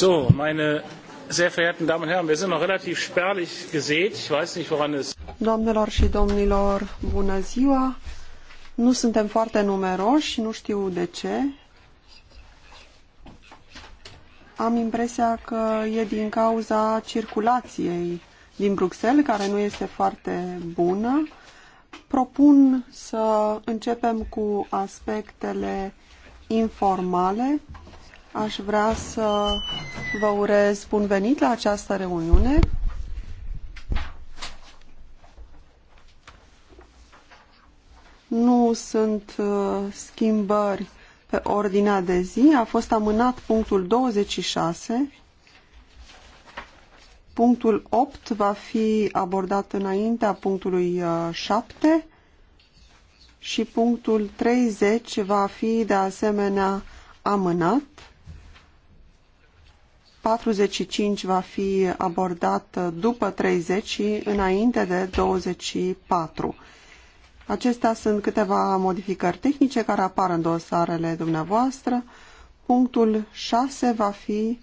So, meine sehr verehrten Damen und Herren, wir sind noch relativ spärlich gesät. Ich weiß nicht, woran es... Doamnelor și domnilor, bună ziua! Nu suntem foarte numeroși, nu știu de ce. Am impresia că e din cauza circulației din Bruxelles, care nu este foarte bună. Propun să începem cu aspectele informale. Aș vrea să vă urez bun venit la această reuniune. Nu sunt uh, schimbări pe ordinea de zi. A fost amânat punctul 26. Punctul 8 va fi abordat înaintea punctului 7 uh, și punctul 30 va fi de asemenea amânat. 45 va fi abordat după 30 și înainte de 24. Acestea sunt câteva modificări tehnice care apar în dosarele dumneavoastră. Punctul 6 va fi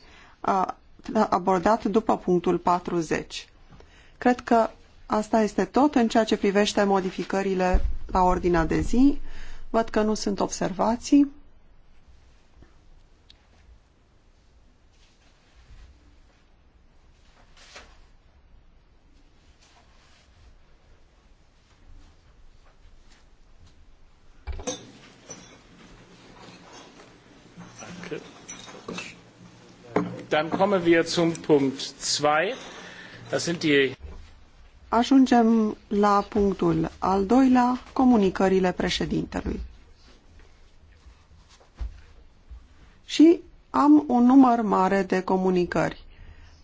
abordat după punctul 40. Cred că asta este tot în ceea ce privește modificările la ordinea de zi. Văd că nu sunt observații. Dann kommen wir zum Punkt 2. Das sind die Ajungem la punctul al doilea, comunicările președintelui. Și am un număr mare de comunicări.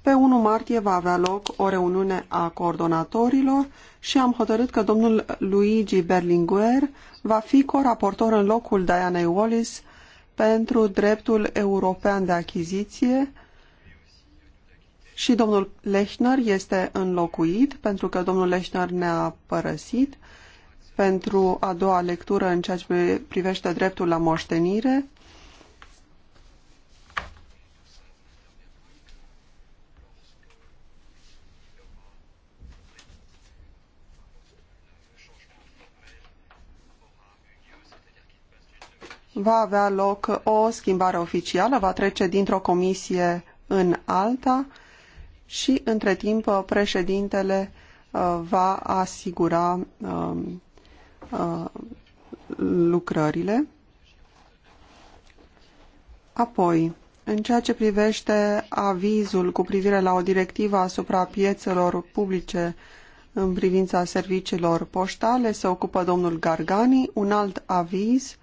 Pe 1 martie va avea loc o reuniune a coordonatorilor și am hotărât că domnul Luigi Berlinguer va fi coraportor în locul Dianei Wallis pentru dreptul european de achiziție și domnul Lechner este înlocuit pentru că domnul Lechner ne-a părăsit pentru a doua lectură în ceea ce privește dreptul la moștenire. Va avea loc o schimbare oficială, va trece dintr-o comisie în alta și între timp președintele uh, va asigura um, uh, lucrările. Apoi, în ceea ce privește avizul cu privire la o directivă asupra piețelor publice în privința serviciilor poștale, se ocupă domnul Gargani, un alt aviz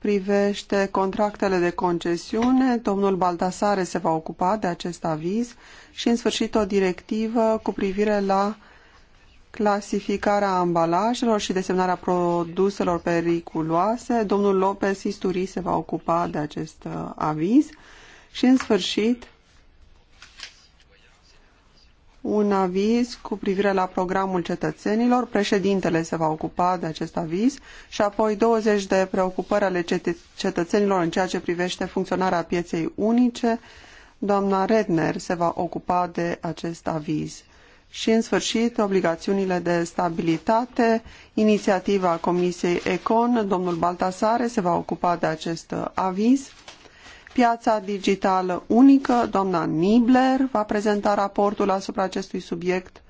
privește contractele de concesiune. Domnul Baltasare se va ocupa de acest aviz și, în sfârșit, o directivă cu privire la clasificarea ambalajelor și desemnarea produselor periculoase. Domnul Lopez Isturi se va ocupa de acest uh, aviz și, în sfârșit, un aviz cu privire la programul cetățenilor. Președintele se va ocupa de acest aviz și apoi 20 de preocupări ale cetățenilor în ceea ce privește funcționarea pieței unice. Doamna Redner se va ocupa de acest aviz. Și, în sfârșit, obligațiunile de stabilitate, inițiativa Comisiei Econ, domnul Baltasare se va ocupa de acest aviz piața digitală unică. Doamna Nibler va prezenta raportul asupra acestui subiect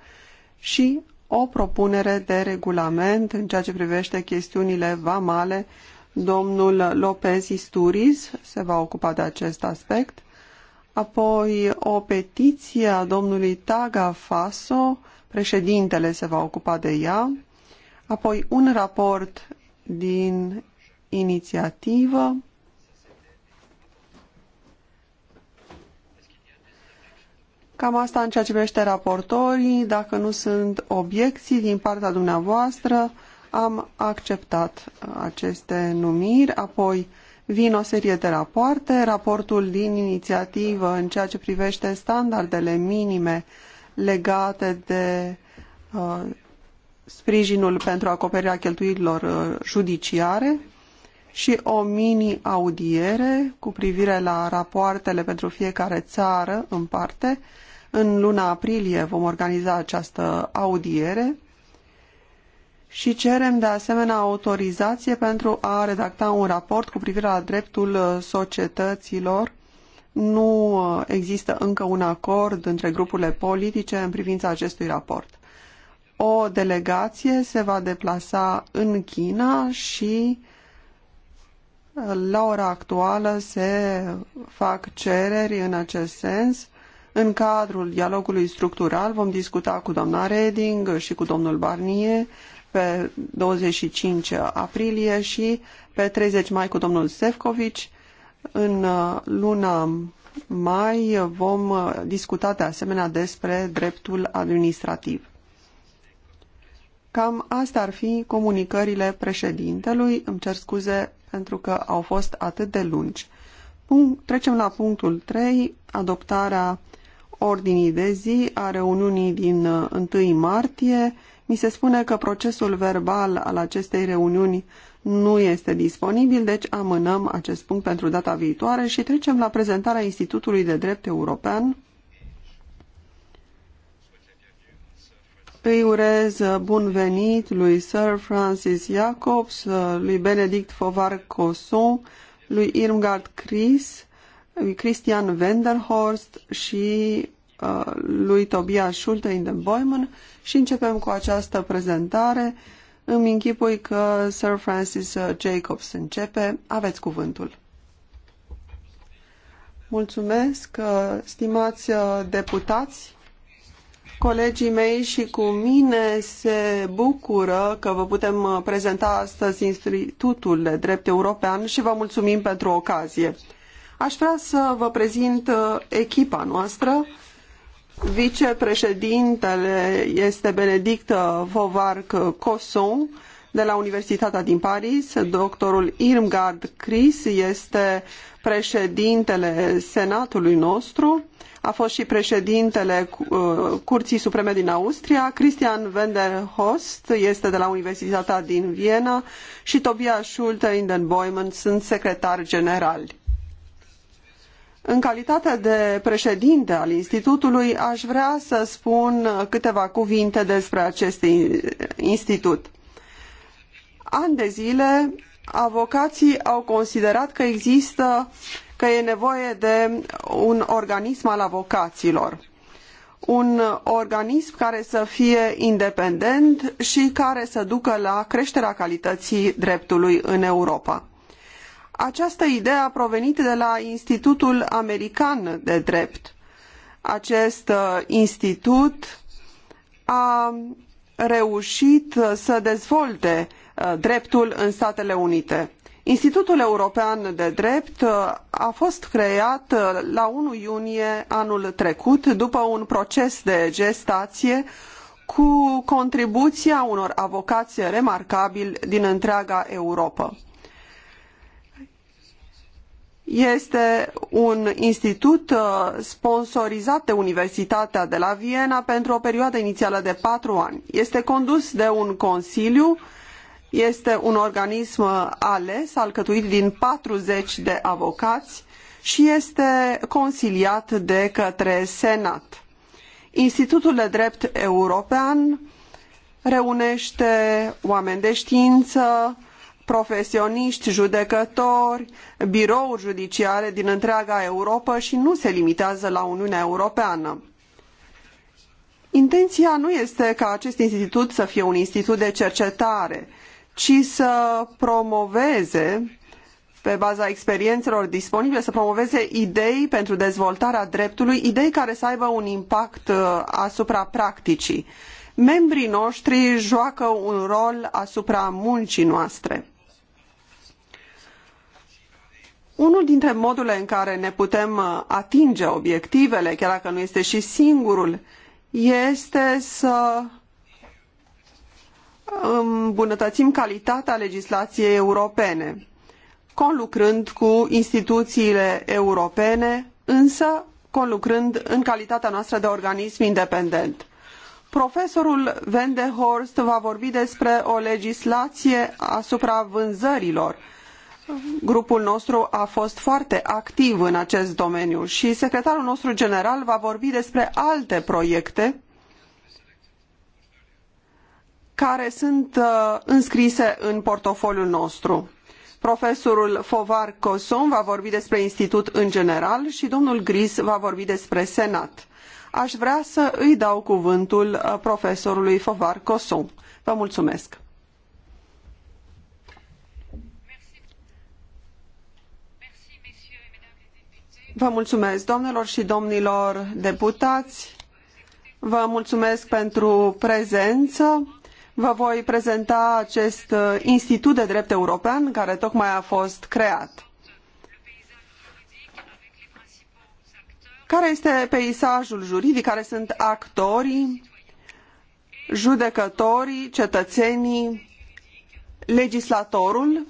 și o propunere de regulament în ceea ce privește chestiunile vamale. Domnul Lopez Isturiz se va ocupa de acest aspect. Apoi o petiție a domnului Taga Faso, președintele se va ocupa de ea. Apoi un raport din inițiativă Cam asta în ceea ce privește raportorii. Dacă nu sunt obiecții din partea dumneavoastră, am acceptat aceste numiri. Apoi vin o serie de rapoarte. Raportul din inițiativă în ceea ce privește standardele minime legate de uh, sprijinul pentru acoperirea cheltuielilor uh, judiciare și o mini-audiere cu privire la rapoartele pentru fiecare țară în parte în luna aprilie vom organiza această audiere și cerem de asemenea autorizație pentru a redacta un raport cu privire la dreptul societăților. Nu există încă un acord între grupurile politice în privința acestui raport. O delegație se va deplasa în China și la ora actuală se fac cereri în acest sens în cadrul dialogului structural vom discuta cu doamna Reding și cu domnul Barnier pe 25 aprilie și pe 30 mai cu domnul Sefcovici. În uh, luna mai vom uh, discuta de asemenea despre dreptul administrativ. Cam astea ar fi comunicările președintelui. Îmi cer scuze pentru că au fost atât de lungi. Punct, trecem la punctul 3, adoptarea ordinii de zi a reuniunii din 1 uh, martie. Mi se spune că procesul verbal al acestei reuniuni nu este disponibil, deci amânăm acest punct pentru data viitoare și trecem la prezentarea Institutului de Drept European. Îi urez uh, bun venit lui Sir Francis Jacobs, uh, lui Benedict Fovar Cosson, lui Irmgard Chris, Christian Wenderhorst și uh, lui Tobias Schulte in the Boyman și începem cu această prezentare. Îmi închipui că Sir Francis Jacobs începe. Aveți cuvântul. Mulțumesc, uh, stimați uh, deputați. Colegii mei și cu mine se bucură că vă putem uh, prezenta astăzi Institutul de Drept European și vă mulțumim pentru ocazie. Aș vrea să vă prezint uh, echipa noastră. Vicepreședintele este Benedict Vovarc Cosson de la Universitatea din Paris. Doctorul Irmgard Kris este președintele Senatului nostru. A fost și președintele uh, Curții Supreme din Austria. Christian Wenderhost este de la Universitatea din Viena și Tobias Schulte-Indenboimen sunt secretari generali. În calitate de președinte al Institutului, aș vrea să spun câteva cuvinte despre acest institut. Ani de zile, avocații au considerat că există, că e nevoie de un organism al avocaților. Un organism care să fie independent și care să ducă la creșterea calității dreptului în Europa. Această idee a provenit de la Institutul American de Drept. Acest uh, institut a reușit să dezvolte uh, dreptul în Statele Unite. Institutul European de Drept uh, a fost creat la 1 iunie anul trecut după un proces de gestație cu contribuția unor avocați remarcabili din întreaga Europa este un institut uh, sponsorizat de Universitatea de la Viena pentru o perioadă inițială de patru ani. Este condus de un consiliu, este un organism uh, ales, alcătuit din 40 de avocați și este consiliat de către Senat. Institutul de Drept European reunește oameni de știință, profesioniști, judecători, birouri judiciare din întreaga Europa și nu se limitează la Uniunea Europeană. Intenția nu este ca acest institut să fie un institut de cercetare, ci să promoveze, pe baza experiențelor disponibile, să promoveze idei pentru dezvoltarea dreptului, idei care să aibă un impact uh, asupra practicii membrii noștri joacă un rol asupra muncii noastre. Unul dintre modurile în care ne putem uh, atinge obiectivele, chiar dacă nu este și singurul, este să um, îmbunătățim calitatea legislației europene, conlucrând cu instituțiile europene, însă conlucrând în calitatea noastră de organism independent. Profesorul Van de Horst va vorbi despre o legislație asupra vânzărilor. Grupul nostru a fost foarte activ în acest domeniu și secretarul nostru general va vorbi despre alte proiecte care sunt uh, înscrise în portofoliul nostru. Profesorul Fovar va vorbi despre institut în general și domnul Gris va vorbi despre Senat aș vrea să îi dau cuvântul uh, profesorului Fovar Cosson. Vă mulțumesc! Vă mulțumesc, domnilor și domnilor deputați. Vă mulțumesc pentru prezență. Vă voi prezenta acest uh, Institut de Drept European care tocmai a fost creat. Care este peisajul juridic? Care sunt actorii, judecătorii, cetățenii, legislatorul?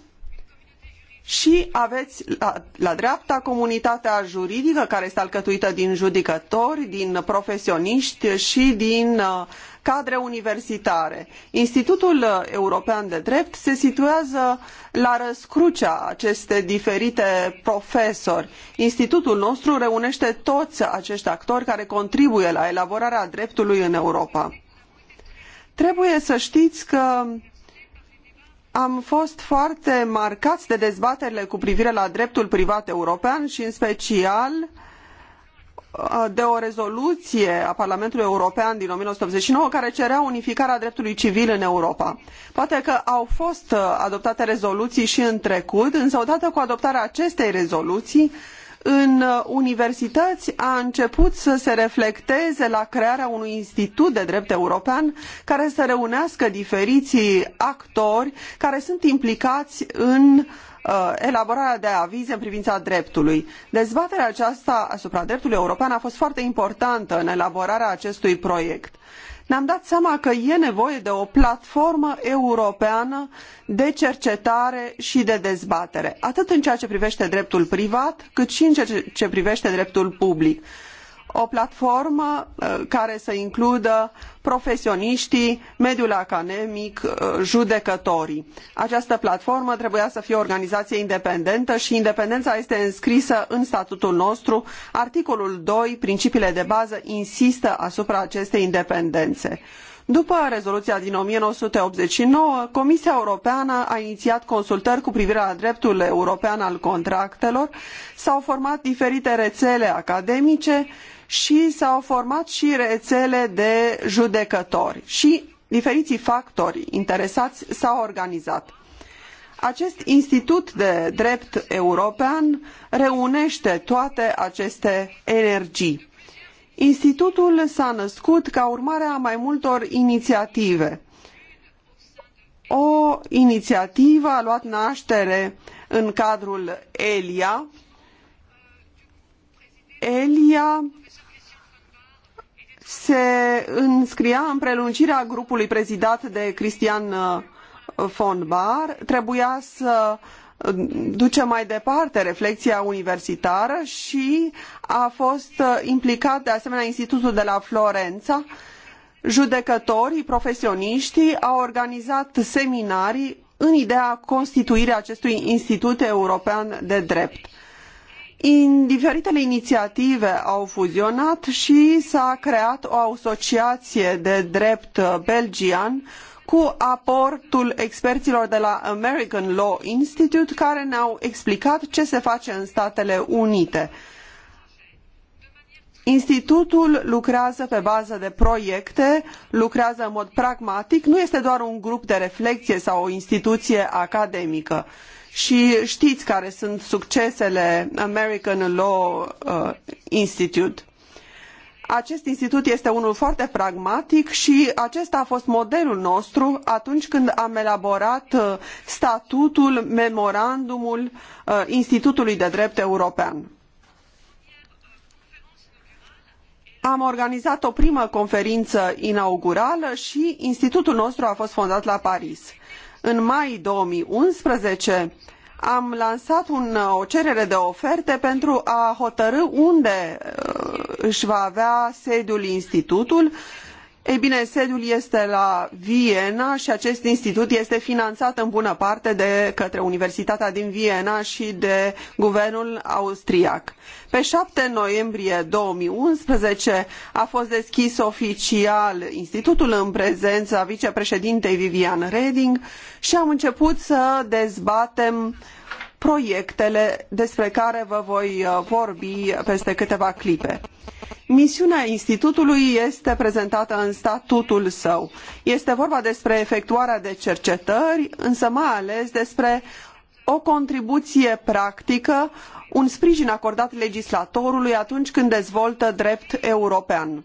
și aveți la, la dreapta comunitatea juridică care este alcătuită din judecători, din profesioniști și din uh, cadre universitare. Institutul uh, European de Drept se situează la răscrucea aceste diferite profesori. Institutul nostru reunește toți acești actori care contribuie la elaborarea dreptului în Europa. Trebuie să știți că am fost foarte marcați de dezbaterile cu privire la dreptul privat european și în special de o rezoluție a Parlamentului European din 1989 care cerea unificarea dreptului civil în Europa. Poate că au fost adoptate rezoluții și în trecut, însă odată cu adoptarea acestei rezoluții în uh, universități a început să se reflecteze la crearea unui institut de drept european care să reunească diferiții actori care sunt implicați în uh, elaborarea de avize în privința dreptului. Dezbaterea aceasta asupra dreptului european a fost foarte importantă în elaborarea acestui proiect ne-am dat seama că e nevoie de o platformă europeană de cercetare și de dezbatere, atât în ceea ce privește dreptul privat, cât și în ceea ce privește dreptul public o platformă uh, care să includă profesioniștii, mediul academic, uh, judecătorii. Această platformă trebuia să fie o organizație independentă și independența este înscrisă în statutul nostru. Articolul 2, principiile de bază, insistă asupra acestei independențe. După rezoluția din 1989, Comisia Europeană a inițiat consultări cu privire la dreptul european al contractelor, s-au format diferite rețele academice și s-au format și rețele de judecători și diferiții factori interesați s-au organizat. Acest institut de drept european reunește toate aceste energii Institutul s-a născut ca urmare a mai multor inițiative. O inițiativă a luat naștere în cadrul ELIA. ELIA se înscria în prelungirea grupului prezidat de Cristian uh, von Trebuia să duce mai departe reflexia universitară și a fost uh, implicat de asemenea Institutul de la Florența. Judecătorii, profesioniștii au organizat seminarii în ideea constituirii acestui Institut European de Drept. In diferitele inițiative au fuzionat și s-a creat o asociație de drept uh, belgian cu aportul experților de la American Law Institute care ne-au explicat ce se face în Statele Unite. Institutul lucrează pe bază de proiecte, lucrează în mod pragmatic, nu este doar un grup de reflexie sau o instituție academică. Și știți care sunt succesele American Law uh, Institute. Acest institut este unul foarte pragmatic și acesta a fost modelul nostru atunci când am elaborat uh, statutul, memorandumul uh, Institutului de Drept European. Am organizat o primă conferință inaugurală și institutul nostru a fost fondat la Paris. În mai 2011, am lansat un, o cerere de oferte pentru a hotărî unde uh, își va avea sediul institutul ei bine, sediul este la Viena și acest institut este finanțat în bună parte de către Universitatea din Viena și de guvernul austriac. Pe 7 noiembrie 2011 a fost deschis oficial institutul în prezența vicepreședintei Viviane Reding și am început să dezbatem uh, proiectele despre care vă voi uh, vorbi peste câteva clipe. Misiunea institutului este prezentată în statutul său. Este vorba despre efectuarea de cercetări, însă mai ales despre o contribuție practică, un sprijin acordat legislatorului atunci când dezvoltă drept european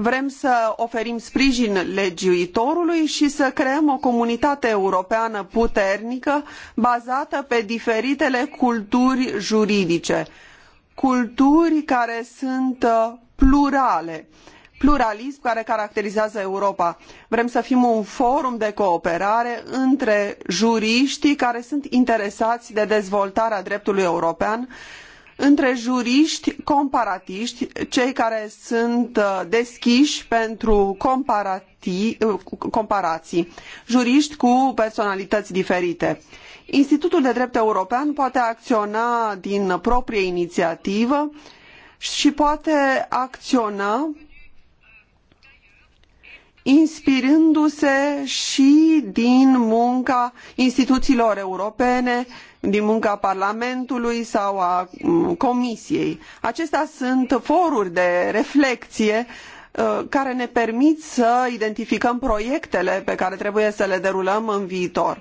Vrem să oferim sprijin legiuitorului și să creăm o comunitate europeană puternică bazată pe diferitele culturi juridice, culturi care sunt uh, plurale pluralism care caracterizează Europa. Vrem să fim un forum de cooperare între juriștii care sunt interesați de dezvoltarea dreptului european între juriști comparatiști, cei care sunt uh, deschiși pentru uh, comparații, juriști cu personalități diferite. Institutul de Drept European poate acționa din proprie inițiativă și poate acționa inspirându-se și din munca instituțiilor europene, din munca Parlamentului sau a Comisiei. Acestea sunt foruri de reflexie uh, care ne permit să identificăm proiectele pe care trebuie să le derulăm în viitor.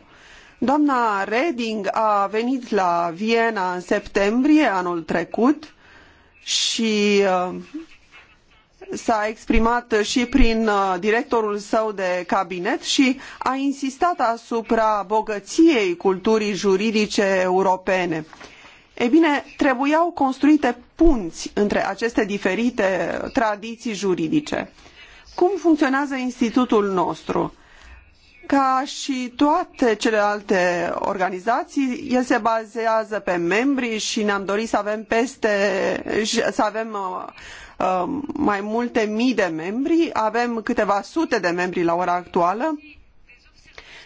Doamna Reding a venit la Viena în septembrie anul trecut și uh, s-a exprimat și prin uh, directorul său de cabinet și a insistat asupra bogăției culturii juridice europene. Ei bine, trebuiau construite punți între aceste diferite tradiții juridice. Cum funcționează institutul nostru? Ca și toate celelalte organizații, el se bazează pe membri și ne-am dorit să avem peste, să avem uh, uh, mai multe mii de membri. Avem câteva sute de membri la ora actuală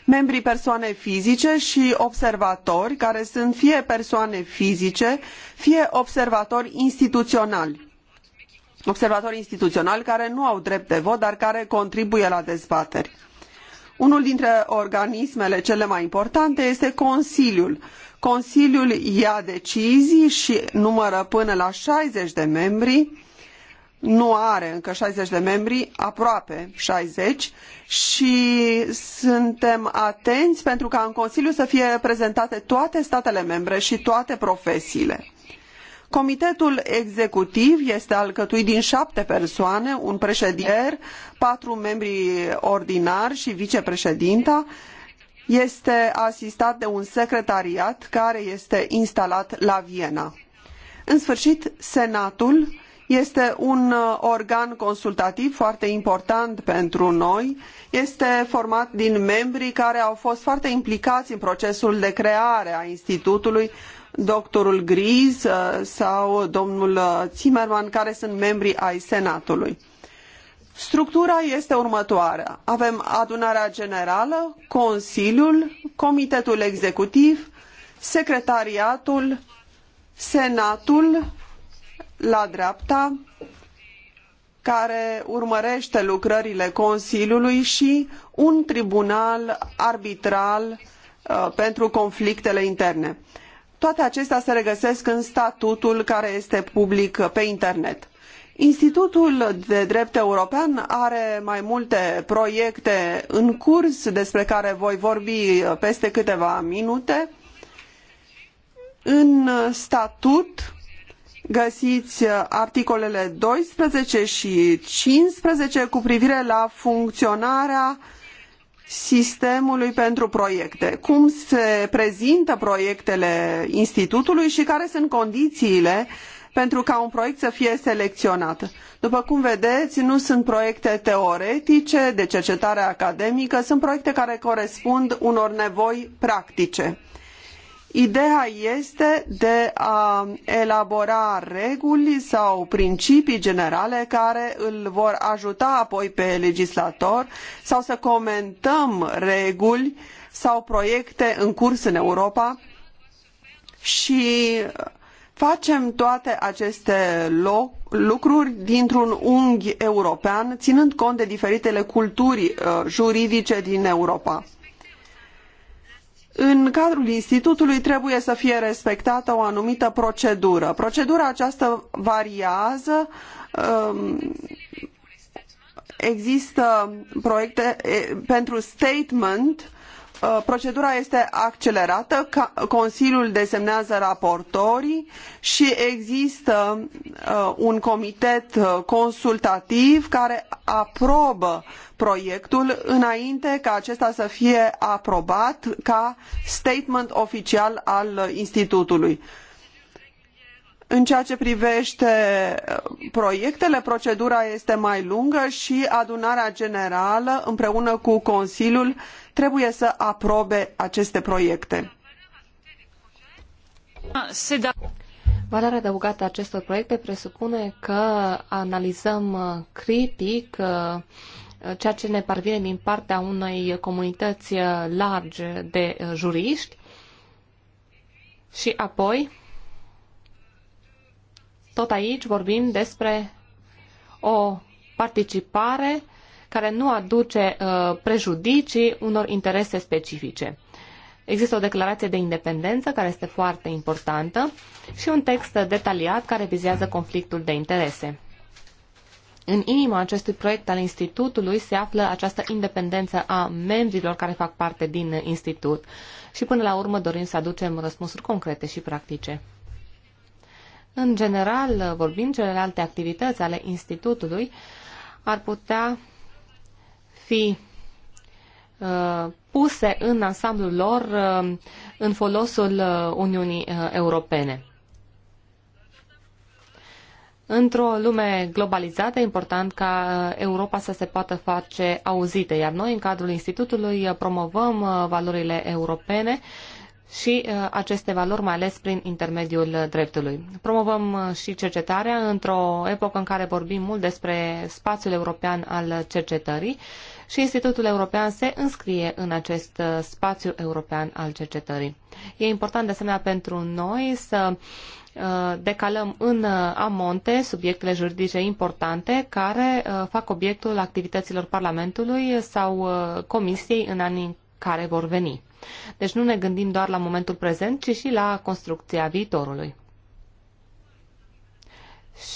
membrii persoane fizice și observatori, care sunt fie persoane fizice, fie observatori instituționali. Observatori instituționali care nu au drept de vot, dar care contribuie la dezbateri. Unul dintre organismele cele mai importante este Consiliul. Consiliul ia decizii și numără până la 60 de membri, nu are încă 60 de membri, aproape 60, și suntem atenți pentru ca în Consiliu să fie prezentate toate statele membre și toate profesiile. Comitetul executiv este alcătuit din șapte persoane, un președinte, patru membri ordinari și vicepreședinta, este asistat de un secretariat care este instalat la Viena. În sfârșit, Senatul este un uh, organ consultativ foarte important pentru noi. Este format din membri care au fost foarte implicați în procesul de creare a Institutului, doctorul Griz uh, sau domnul uh, Zimmerman, care sunt membri ai Senatului. Structura este următoarea. Avem adunarea generală, Consiliul, Comitetul Executiv, Secretariatul, Senatul la dreapta, care urmărește lucrările Consiliului și un tribunal arbitral uh, pentru conflictele interne. Toate acestea se regăsesc în statutul care este public pe internet. Institutul de Drept European are mai multe proiecte în curs despre care voi vorbi peste câteva minute. În statut găsiți articolele 12 și 15 cu privire la funcționarea sistemului pentru proiecte, cum se prezintă proiectele institutului și care sunt condițiile pentru ca un proiect să fie selecționat. După cum vedeți, nu sunt proiecte teoretice de cercetare academică, sunt proiecte care corespund unor nevoi practice. Ideea este de a elabora reguli sau principii generale care îl vor ajuta apoi pe legislator sau să comentăm reguli sau proiecte în curs în Europa și facem toate aceste lucruri dintr-un unghi european, ținând cont de diferitele culturi uh, juridice din Europa în cadrul institutului trebuie să fie respectată o anumită procedură. Procedura aceasta variază. Um, există proiecte pentru statement Uh, procedura este accelerată, Consiliul desemnează raportorii și există uh, un comitet uh, consultativ care aprobă proiectul înainte ca acesta să fie aprobat ca statement oficial al institutului. În ceea ce privește proiectele, procedura este mai lungă și adunarea generală împreună cu Consiliul trebuie să aprobe aceste proiecte. Valoarea adăugată a acestor proiecte presupune că analizăm uh, critic uh, uh, ceea ce ne parvine din partea unei comunități largi de juriști și apoi tot aici vorbim despre o participare care nu aduce uh, prejudicii unor interese specifice. Există o declarație de independență care este foarte importantă și un text detaliat care vizează conflictul de interese. În inima acestui proiect al Institutului se află această independență a membrilor care fac parte din Institut și până la urmă dorim să aducem răspunsuri concrete și practice. În general, vorbind, celelalte activități ale Institutului ar putea fi uh, puse în ansamblul lor uh, în folosul uh, Uniunii Europene. Într-o lume globalizată, e important ca Europa să se poată face auzite, iar noi, în cadrul Institutului, promovăm valorile europene și aceste valori, mai ales prin intermediul dreptului. Promovăm și cercetarea într-o epocă în care vorbim mult despre spațiul european al cercetării și Institutul European se înscrie în acest uh, spațiu european al cercetării. E important de asemenea pentru noi să uh, decalăm în uh, amonte subiectele juridice importante care fac obiectul activităților Parlamentului sau Comisiei în anii care vor veni. Deci nu ne gândim doar la momentul prezent, ci și la construcția viitorului.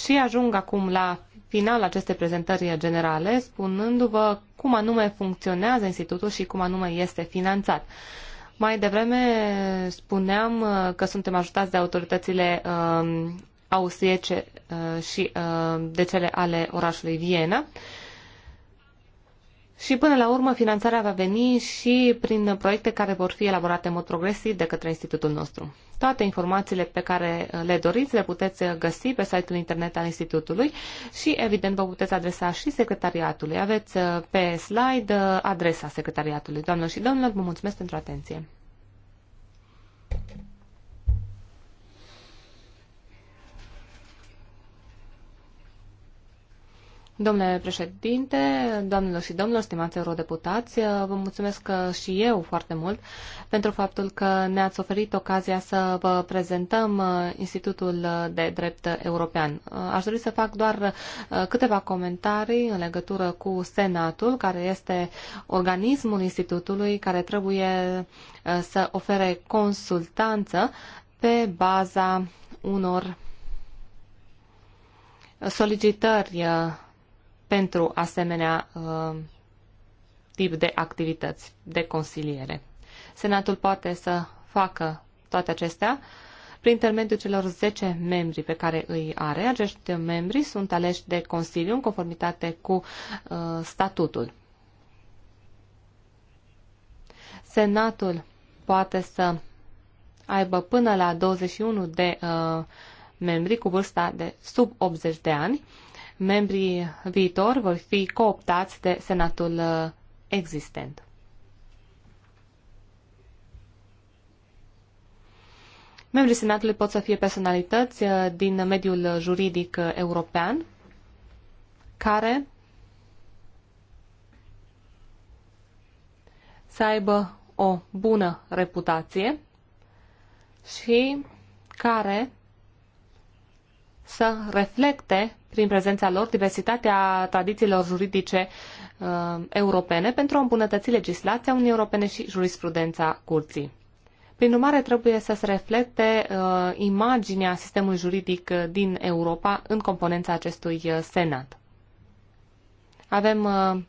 Și ajung acum la final aceste prezentări generale, spunându-vă cum anume funcționează institutul și cum anume este finanțat. Mai devreme spuneam uh, că suntem ajutați de autoritățile um, austriece uh, și uh, de cele ale orașului Viena. Uh, și până la urmă, finanțarea va veni și prin proiecte care vor fi elaborate în mod progresiv de către institutul nostru. Toate informațiile pe care le doriți le puteți găsi pe site-ul internet al institutului și, evident, vă puteți adresa și secretariatului. Aveți uh, pe slide uh, adresa secretariatului. Doamnelor și domnilor, vă mulțumesc pentru atenție. Domnule președinte, doamnelor și domnilor, stimați eurodeputați, vă mulțumesc și eu foarte mult pentru faptul că ne-ați oferit ocazia să vă prezentăm uh, Institutul de Drept European. Uh, aș dori să fac doar uh, câteva comentarii în legătură cu Senatul, care este organismul Institutului care trebuie să ofere consultanță pe baza unor solicitări pentru asemenea uh, tip de activități de consiliere. Senatul poate să facă toate acestea prin intermediul celor 10 membri pe care îi are. Acești membri sunt aleși de Consiliu în conformitate cu uh, statutul. Senatul poate să aibă până la 21 de uh, membri cu vârsta de sub 80 de ani membrii viitori vor fi cooptați de Senatul uh, existent. Membrii Senatului pot să fie personalități uh, din mediul juridic uh, european care să aibă o bună reputație și care să reflecte prin prezența lor diversitatea tradițiilor juridice uh, europene pentru a îmbunătăți legislația unii Europene și jurisprudența curții. Prin urmare, trebuie să se reflecte uh, imaginea sistemului juridic din Europa în componența acestui uh, Senat. Avem uh,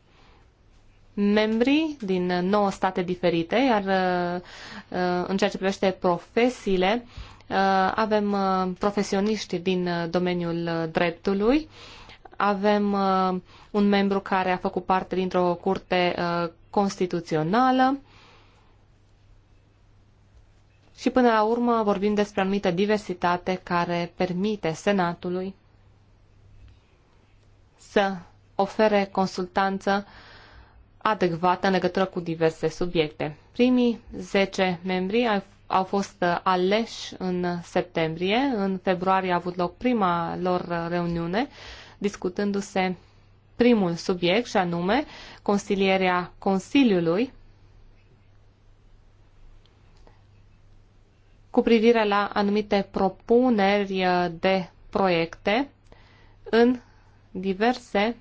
membri din nouă state diferite, iar uh, uh în ceea ce privește profesiile, uh, Uh, avem uh, profesioniști din uh, domeniul dreptului, avem un membru care a făcut parte dintr-o curte constituțională și până la urmă vorbim despre anumită diversitate care permite Senatului să ofere consultanță adecvată în legătură cu diverse subiecte. Primii 10 membri au fost aleși în septembrie. În februarie a avut loc prima lor reuniune, discutându-se primul subiect, și anume consilierea Consiliului cu privire la anumite propuneri de proiecte în diverse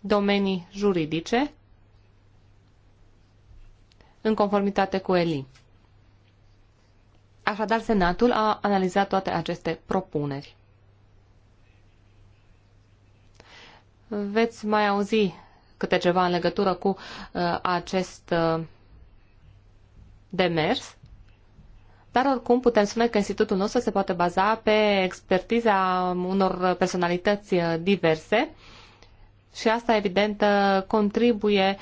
domenii juridice în conformitate cu ELI. Așadar, Senatul a analizat toate aceste propuneri. Veți mai auzi câte ceva în legătură cu uh, acest uh, demers, dar oricum putem spune că institutul nostru se poate baza pe expertiza unor personalități uh, diverse și asta, evident, contribuie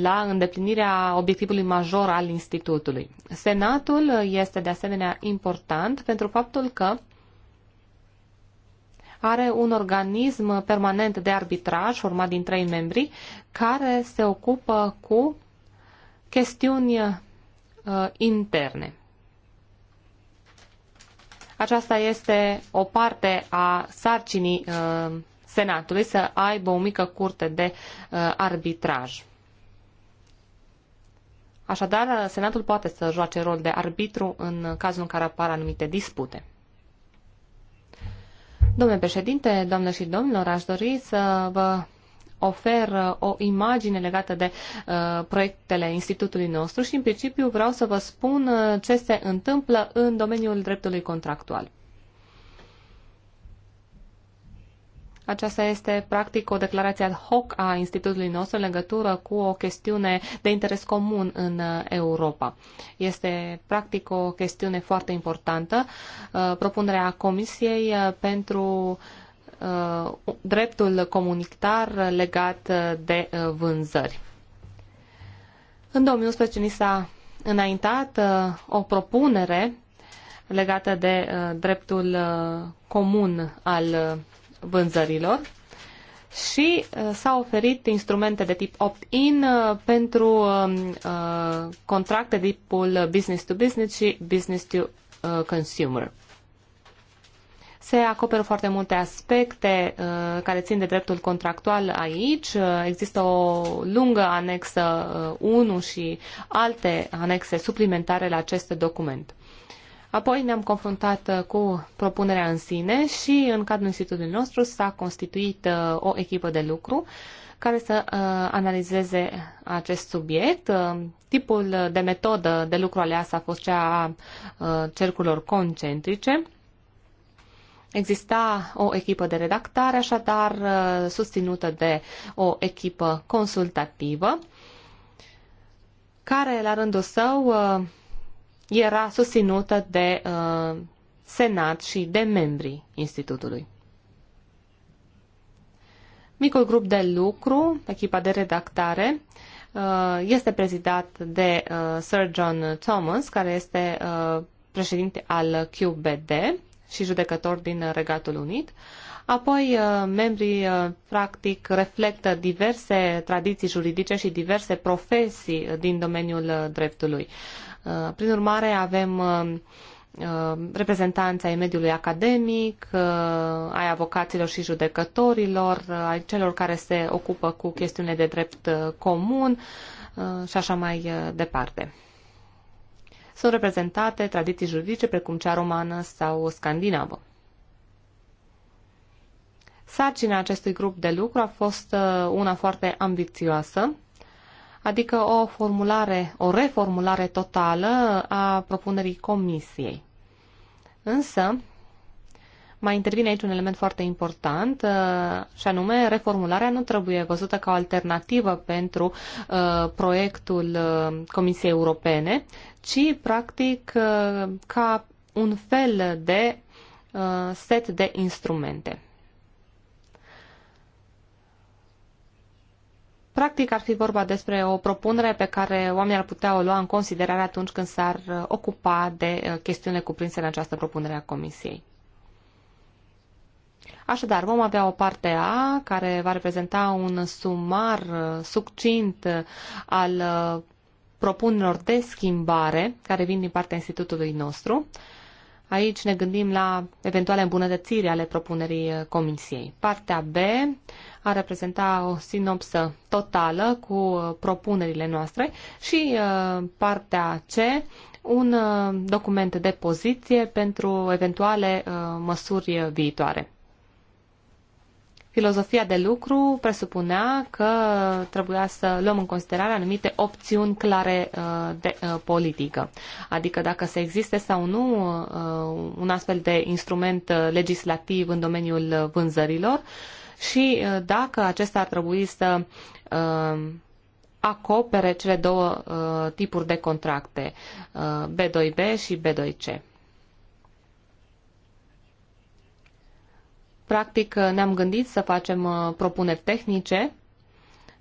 la îndeplinirea obiectivului major al Institutului. Senatul este, de asemenea, important pentru faptul că are un organism permanent de arbitraj format din trei membri care se ocupă cu chestiuni uh, interne. Aceasta este o parte a sarcinii uh, Senatului să aibă o mică curte de uh, arbitraj. Așadar, Senatul poate să joace rol de arbitru în cazul în care apar anumite dispute. Domnule președinte, doamnă și domnilor, aș dori să vă ofer uh, o imagine legată de uh, proiectele institutului nostru și, în principiu, vreau să vă spun uh, ce se întâmplă în domeniul dreptului contractual. Aceasta este practic o declarație ad hoc a institutului nostru în legătură cu o chestiune de interes comun în uh, Europa. Este practic o chestiune foarte importantă, uh, propunerea Comisiei uh, pentru dreptul comunitar legat de vânzări. În 2011 ni s-a înaintat o propunere legată de dreptul comun al vânzărilor și uh, s-au oferit instrumente de tip opt-in uh, pentru um, uh, contracte de tipul business to business și business to consumer. Se acoperă foarte multe aspecte care țin de dreptul contractual aici. Există o lungă anexă 1 și alte anexe suplimentare la acest document. Apoi ne-am confruntat uh, cu propunerea în sine și în cadrul institutului nostru s-a constituit uh, o echipă de lucru care să uh, analizeze acest subiect. Tipul de metodă de lucru aleasă a fost cea a cercurilor concentrice. Exista o echipă de redactare, așadar susținută de o echipă consultativă, care la rândul său era susținută de uh, Senat și de membrii Institutului. Micul grup de lucru, echipa de redactare, uh, este prezidat de uh, Sir John Thomas, care este uh, președinte al QBD și judecător din Regatul Unit. Apoi, uh, membrii uh, practic reflectă diverse tradiții juridice și diverse profesii din domeniul dreptului. Uh, prin urmare, avem uh, uh, reprezentanța ai mediului academic, ai avocaților și judecătorilor, ai celor care se ocupă cu chestiunile de drept comun și așa mai departe. Sunt reprezentate tradiții juridice precum cea romană sau scandinavă. Sarcina acestui grup de lucru a fost una foarte ambițioasă, adică o formulare, o reformulare totală a propunerii comisiei. Însă, mai intervine aici un element foarte important uh, și anume reformularea nu trebuie văzută ca o alternativă pentru uh, proiectul uh, Comisiei Europene, ci practic ca un fel de set de instrumente. Practic ar fi vorba despre o propunere pe care oamenii ar putea o lua în considerare atunci când s-ar uh, ocupa de uh, chestiunile cuprinse în această propunere a Comisiei. Așadar, vom avea o parte A care va reprezenta un sumar uh, succint al propunerilor de schimbare care vin din partea institutului nostru. Aici ne gândim la eventuale îmbunătățiri ale propunerii uh, Comisiei. Partea B a reprezenta o sinopsă totală cu uh, propunerile noastre și uh, partea C un document de poziție pentru eventuale măsuri viitoare filozofia de lucru presupunea că trebuia să luăm în considerare anumite opțiuni clare uh, de uh, politică. Adică dacă se existe sau nu uh, un astfel de instrument legislativ în domeniul vânzărilor și dacă acesta ar trebui să acopere cele două tipuri de contracte, B2B și B2C. Practic uh, ne-am gândit să facem uh, propuneri tehnice,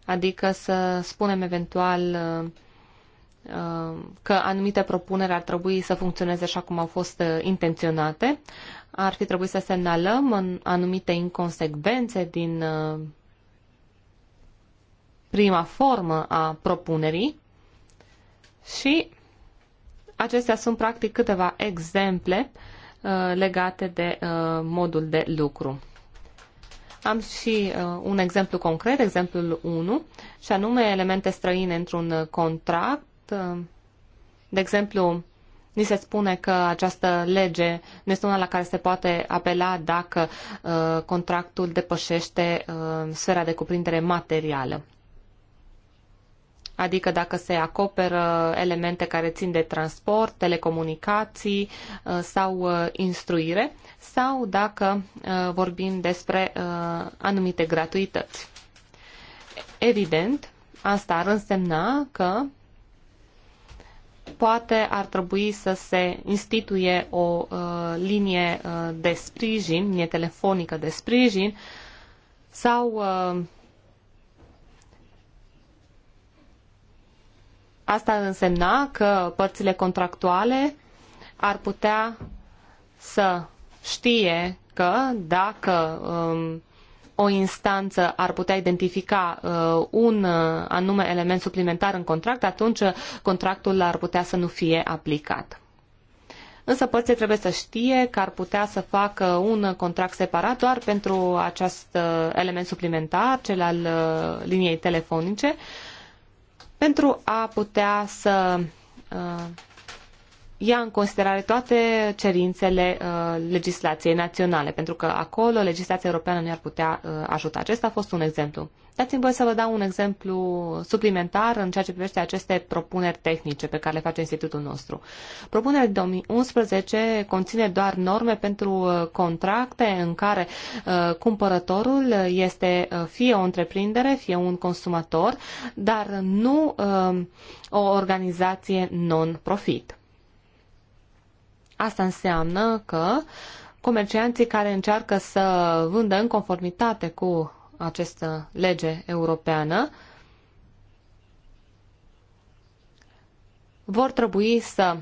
adică să spunem eventual uh, că anumite propuneri ar trebui să funcționeze așa cum au fost intenționate. Ar fi trebuit să semnalăm anumite inconsecvențe din prima formă a propunerii și acestea sunt practic câteva exemple uh, Uh, legate de uh, modul de lucru. Am și uh, un exemplu concret, exemplul 1, și anume elemente străine într-un contract. De exemplu, Ni se spune că această lege nu este una la care se poate apela dacă uh, contractul depășește uh, sfera de cuprindere materială adică dacă se acoperă elemente care țin de transport, telecomunicații uh, sau uh, instruire, sau dacă uh, vorbim despre anumite gratuități. Evident, asta ar însemna că poate ar trebui să se instituie o uh, linie de sprijin, linie telefonică de sprijin sau uh, Asta însemna că părțile contractuale ar putea să știe că dacă um, o instanță ar putea identifica uh, un uh, anume element suplimentar în contract, atunci uh, contractul ar putea să nu fie aplicat. Însă părțile trebuie să știe că ar putea să facă un contract separat doar pentru acest uh, element suplimentar, cel al uh, liniei telefonice, uh, pentru a putea să uh, ia în considerare toate cerințele uh, legislației naționale, pentru că acolo legislația europeană ne-ar putea uh, ajuta. Acesta a fost un exemplu. Dați-mi voi să vă dau un exemplu suplimentar în ceea ce privește aceste propuneri tehnice pe care le face institutul nostru. Propunerea 2011 conține doar norme pentru uh, contracte în care uh, cumpărătorul este uh, fie o întreprindere, fie un consumator, dar nu uh, o organizație non-profit. Asta înseamnă că comercianții care încearcă să vândă în conformitate cu această lege europeană vor trebui să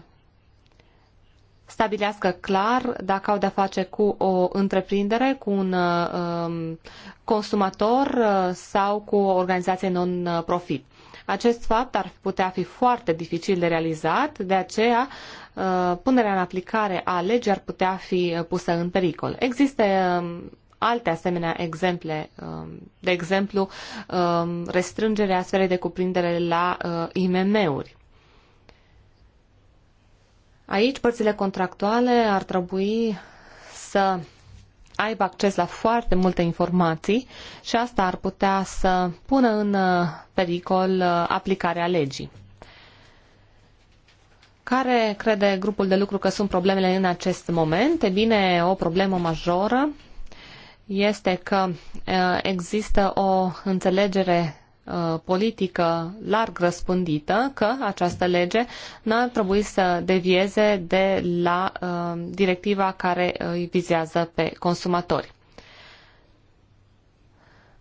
stabilească clar dacă au de-a face cu o întreprindere, cu un um, uh, consumator sau cu o organizație non-profit. Acest fapt ar putea fi foarte dificil de realizat, de aceea uh, punerea în aplicare a legii ar putea fi pusă în pericol. Există um, alte asemenea exemple, um, de exemplu, um, restrângerea sferei de cuprindere la uh, IMM-uri. Aici părțile contractuale ar trebui să aibă acces la foarte multe informații și asta ar putea să pună în uh, pericol uh, aplicarea legii. Care crede grupul de lucru că sunt problemele în acest moment? E bine, o problemă majoră este că uh, există o înțelegere Uh, politică larg răspândită că această lege n-ar trebui să devieze de la uh, directiva care uh, îi vizează pe consumatori.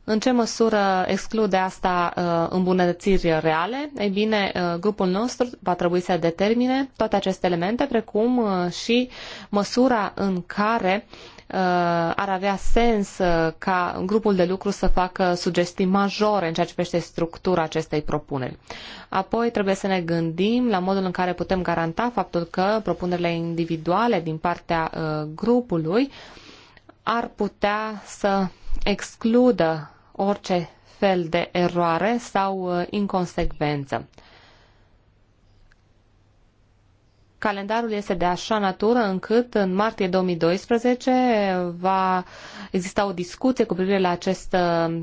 În ce măsură exclude asta îmbunătățiri reale? Ei bine, grupul nostru va trebui să determine toate aceste elemente, precum și măsura în care uh, Uh, ar avea sens uh, ca grupul de lucru să facă sugestii majore în ceea ce privește structura acestei propuneri. Apoi trebuie să ne gândim la modul în care putem garanta faptul că propunerile individuale din partea uh, grupului ar putea să excludă orice fel de eroare sau inconsecvență. Calendarul este de așa natură încât în martie 2012 va exista o discuție cu privire la acest uh,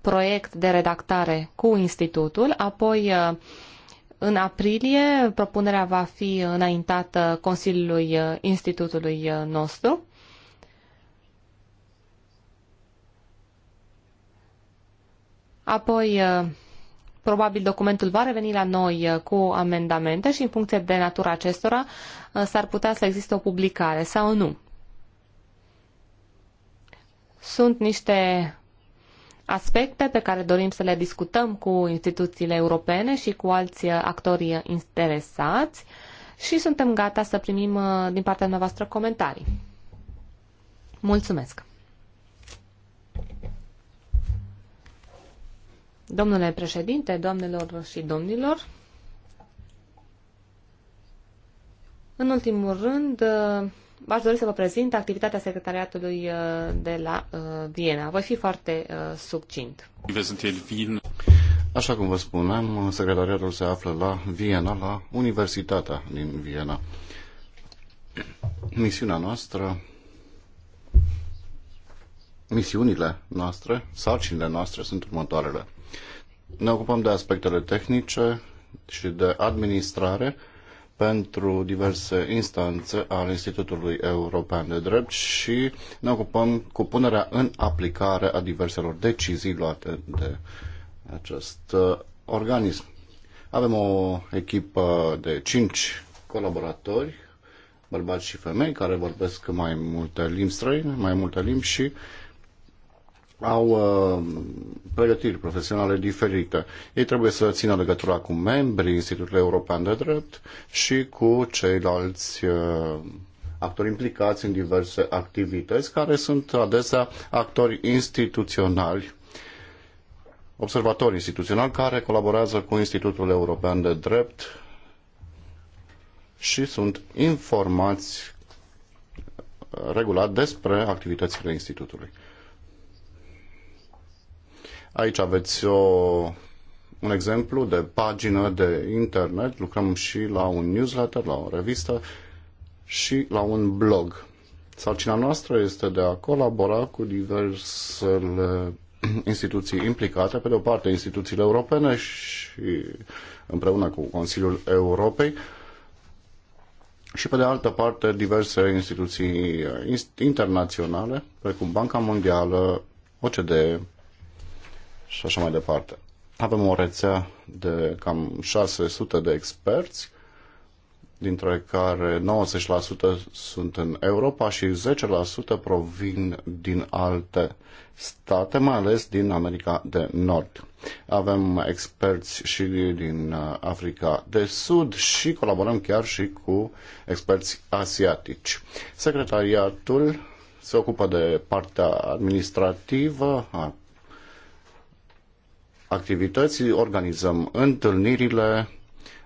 proiect de redactare cu institutul, apoi uh, în aprilie propunerea va fi înaintată Consiliului uh, Institutului nostru. Apoi Probabil documentul va reveni la noi uh, cu amendamente și în funcție de natura acestora uh, s-ar putea să existe o publicare sau nu. Sunt niște aspecte pe care dorim să le discutăm cu instituțiile europene și cu alți uh, actori interesați și suntem gata să primim din partea noastră comentarii. Mulțumesc! Domnule președinte, doamnelor și domnilor, în ultimul rând, uh, aș dori să vă prezint activitatea secretariatului uh, de la uh, Viena. Voi fi foarte succint. Așa cum vă spuneam, secretariatul se află la Viena, la Universitatea din Viena. Misiunea noastră, misiunile noastre, sarcinile noastre sunt următoarele – ne ocupăm de aspectele tehnice și de administrare pentru diverse instanțe al Institutului European de Drept și ne ocupăm cu punerea în aplicare a diverselor decizii luate de acest uh, organism. Avem o echipă de 5 colaboratori, bărbați și femei, care vorbesc mai multe limbi străine, mai multe limbi și au uh, pregătiri profesionale diferite. Ei trebuie să țină legătura cu membrii Institutului European de Drept și cu ceilalți uh, actori implicați în diverse activități, care sunt adesea actori instituționali, observatori instituționali care colaborează cu Institutul European de Drept și sunt informați regulat despre activitățile Institutului. Aici aveți o, un exemplu de pagină de internet, lucrăm și la un newsletter, la o revistă și la un blog. Sarcina noastră este de a colabora cu diversele instituții implicate, pe de o parte instituțiile europene și împreună cu Consiliul Europei și pe de altă parte diverse instituții internaționale, precum Banca Mondială, OCDE și așa mai departe. Avem o rețea de cam 600 de experți, dintre care 90% sunt în Europa și 10% provin din alte state, mai ales din America de Nord. Avem experți și din uh, Africa de Sud și colaborăm chiar și cu experți asiatici. Secretariatul se ocupă de partea administrativă a activității, organizăm întâlnirile,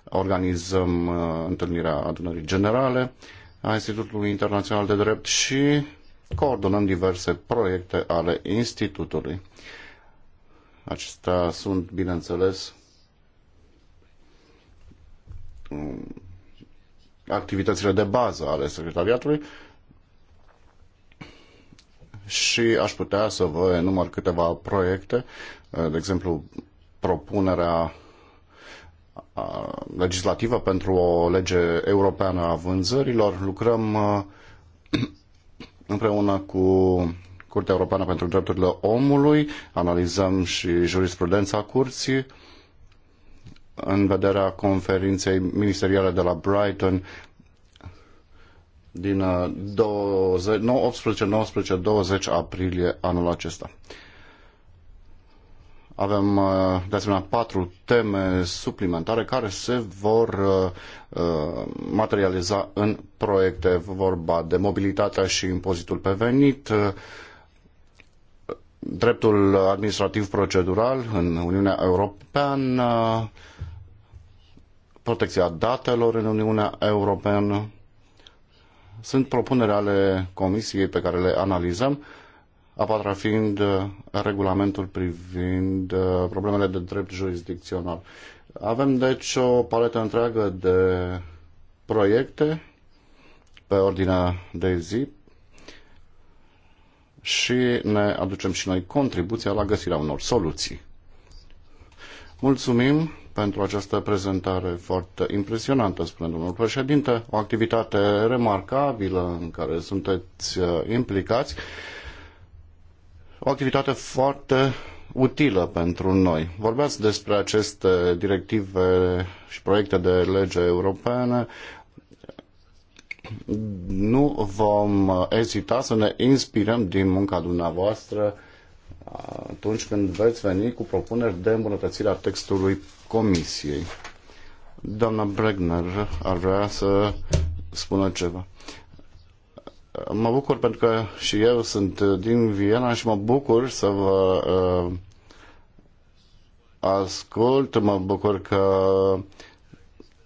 organizăm uh, întâlnirea adunării generale a Institutului Internațional de Drept și coordonăm diverse proiecte ale Institutului. Acestea sunt, bineînțeles, um, activitățile de bază ale secretariatului și aș putea să vă enumăr câteva proiecte Eh, de exemplu, propunerea legislativă pentru o lege europeană a vânzărilor. Lucrăm eh, împreună cu Curtea Europeană pentru Drepturile Omului, analizăm și jurisprudența curții în vederea conferinței ministeriale de la Brighton din 18-19-20 eh, aprilie anul acesta. Avem uh, de asemenea patru teme suplimentare care se vor uh, uh, materializa în proiecte. Vorba de mobilitatea și impozitul pe venit, dreptul administrativ procedural în Uniunea Europeană, protecția datelor în Uniunea Europeană. Sunt propuneri ale Comisiei pe care le analizăm a patra fiind uh, regulamentul privind uh, problemele de drept jurisdicțional. Avem deci o paletă întreagă de proiecte pe ordinea de zi și ne aducem și noi contribuția la găsirea unor soluții. Mulțumim pentru această prezentare foarte impresionantă, spune domnul președinte, o activitate remarcabilă în care sunteți uh, implicați o activitate foarte utilă pentru noi. Vorbeați despre aceste directive și proiecte de lege europene. Nu vom ezita să ne inspirăm din munca dumneavoastră atunci când veți veni cu propuneri de îmbunătățire a textului Comisiei. Doamna Bregner ar vrea să spună ceva. Mă bucur pentru că și eu sunt uh, din Viena și mă bucur să vă uh, ascult, mă bucur că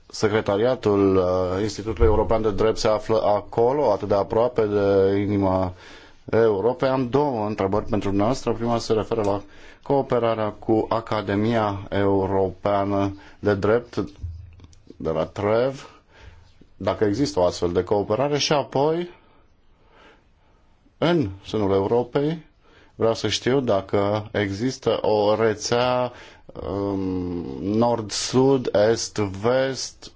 secretariatul uh, Institutului European de Drept se află acolo, atât de aproape de inima Europei. Am două întrebări pentru noastră. Prima se referă la cooperarea cu Academia Europeană de Drept de la Trev, dacă există o astfel de cooperare și apoi în sânul Europei. Vreau să știu dacă există o rețea um, nord-sud, est-vest,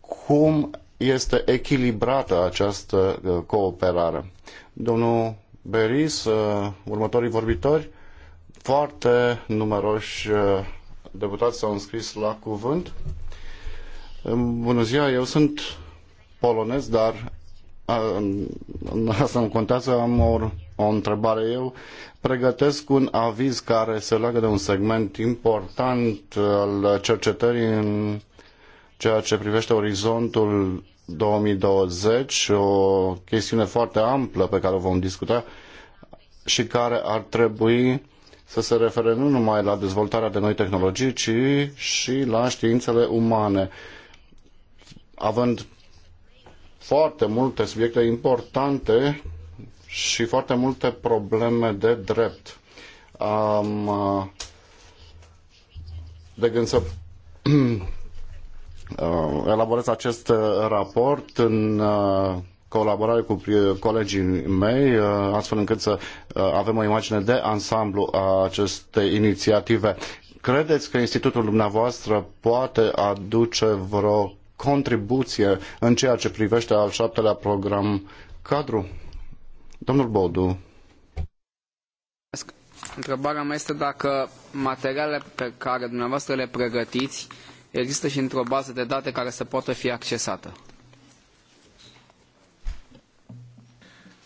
cum este echilibrată această uh, cooperare. Domnul Beris, uh, următorii vorbitori, foarte numeroși uh, deputați s-au înscris la cuvânt. Bună ziua, eu sunt polonez, dar asta nu contează, am o, o întrebare eu. Pregătesc un aviz care se leagă de un segment important al cercetării în ceea ce privește orizontul 2020, o chestiune foarte amplă pe care o vom discuta și care ar trebui să se refere nu numai la dezvoltarea de noi tehnologii, ci și la științele umane. Având foarte multe subiecte importante și foarte multe probleme de drept. Am uh, de gând să uh, elaborez acest uh, raport în colaborare cu colegii mei, astfel încât să avem o imagine de ansamblu a acestei inițiative. Credeți că institutul dumneavoastră poate aduce vreo contribuție în ceea ce privește al șaptelea program cadru? Domnul Bodu. Întrebarea mea este dacă materialele pe care dumneavoastră le pregătiți există și într-o bază de date care să poată fi accesată.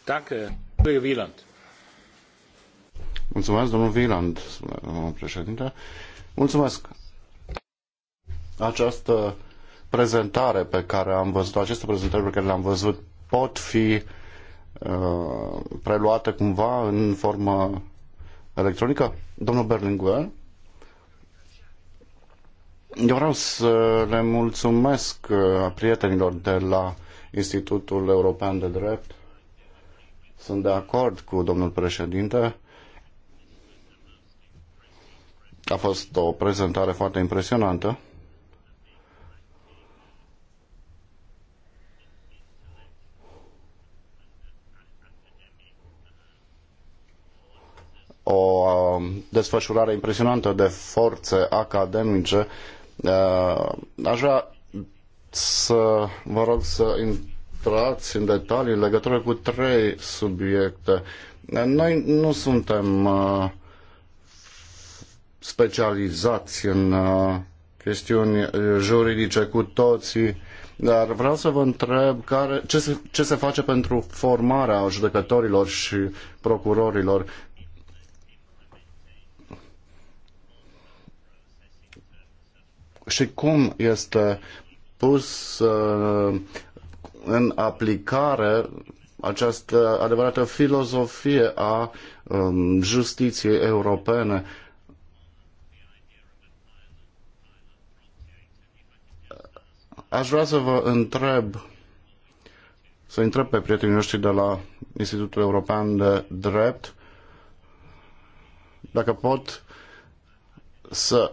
Dacă Wieland. Mulțumesc, domnul Wieland, domnul președinte. Mulțumesc. Această prezentare pe care am văzut, aceste prezentări pe care le-am văzut pot fi uh, preluate cumva în formă electronică? Domnul Berlinguer? Eu vreau să le mulțumesc uh, prietenilor de la Institutul European de Drept. Sunt de acord cu domnul președinte. A fost o prezentare foarte impresionantă. desfășurare impresionantă de forțe academice. Uh, aș vrea să vă rog să intrați în detalii în legătură cu trei subiecte. Noi nu suntem uh, specializați în uh, chestiuni juridice cu toții, dar vreau să vă întreb care, ce, se, ce se face pentru formarea judecătorilor și procurorilor. și cum este pus uh, în aplicare această adevărată filozofie a um, justiției europene. Aș vrea să vă întreb, să întreb pe prietenii noștri de la Institutul European de Drept, dacă pot să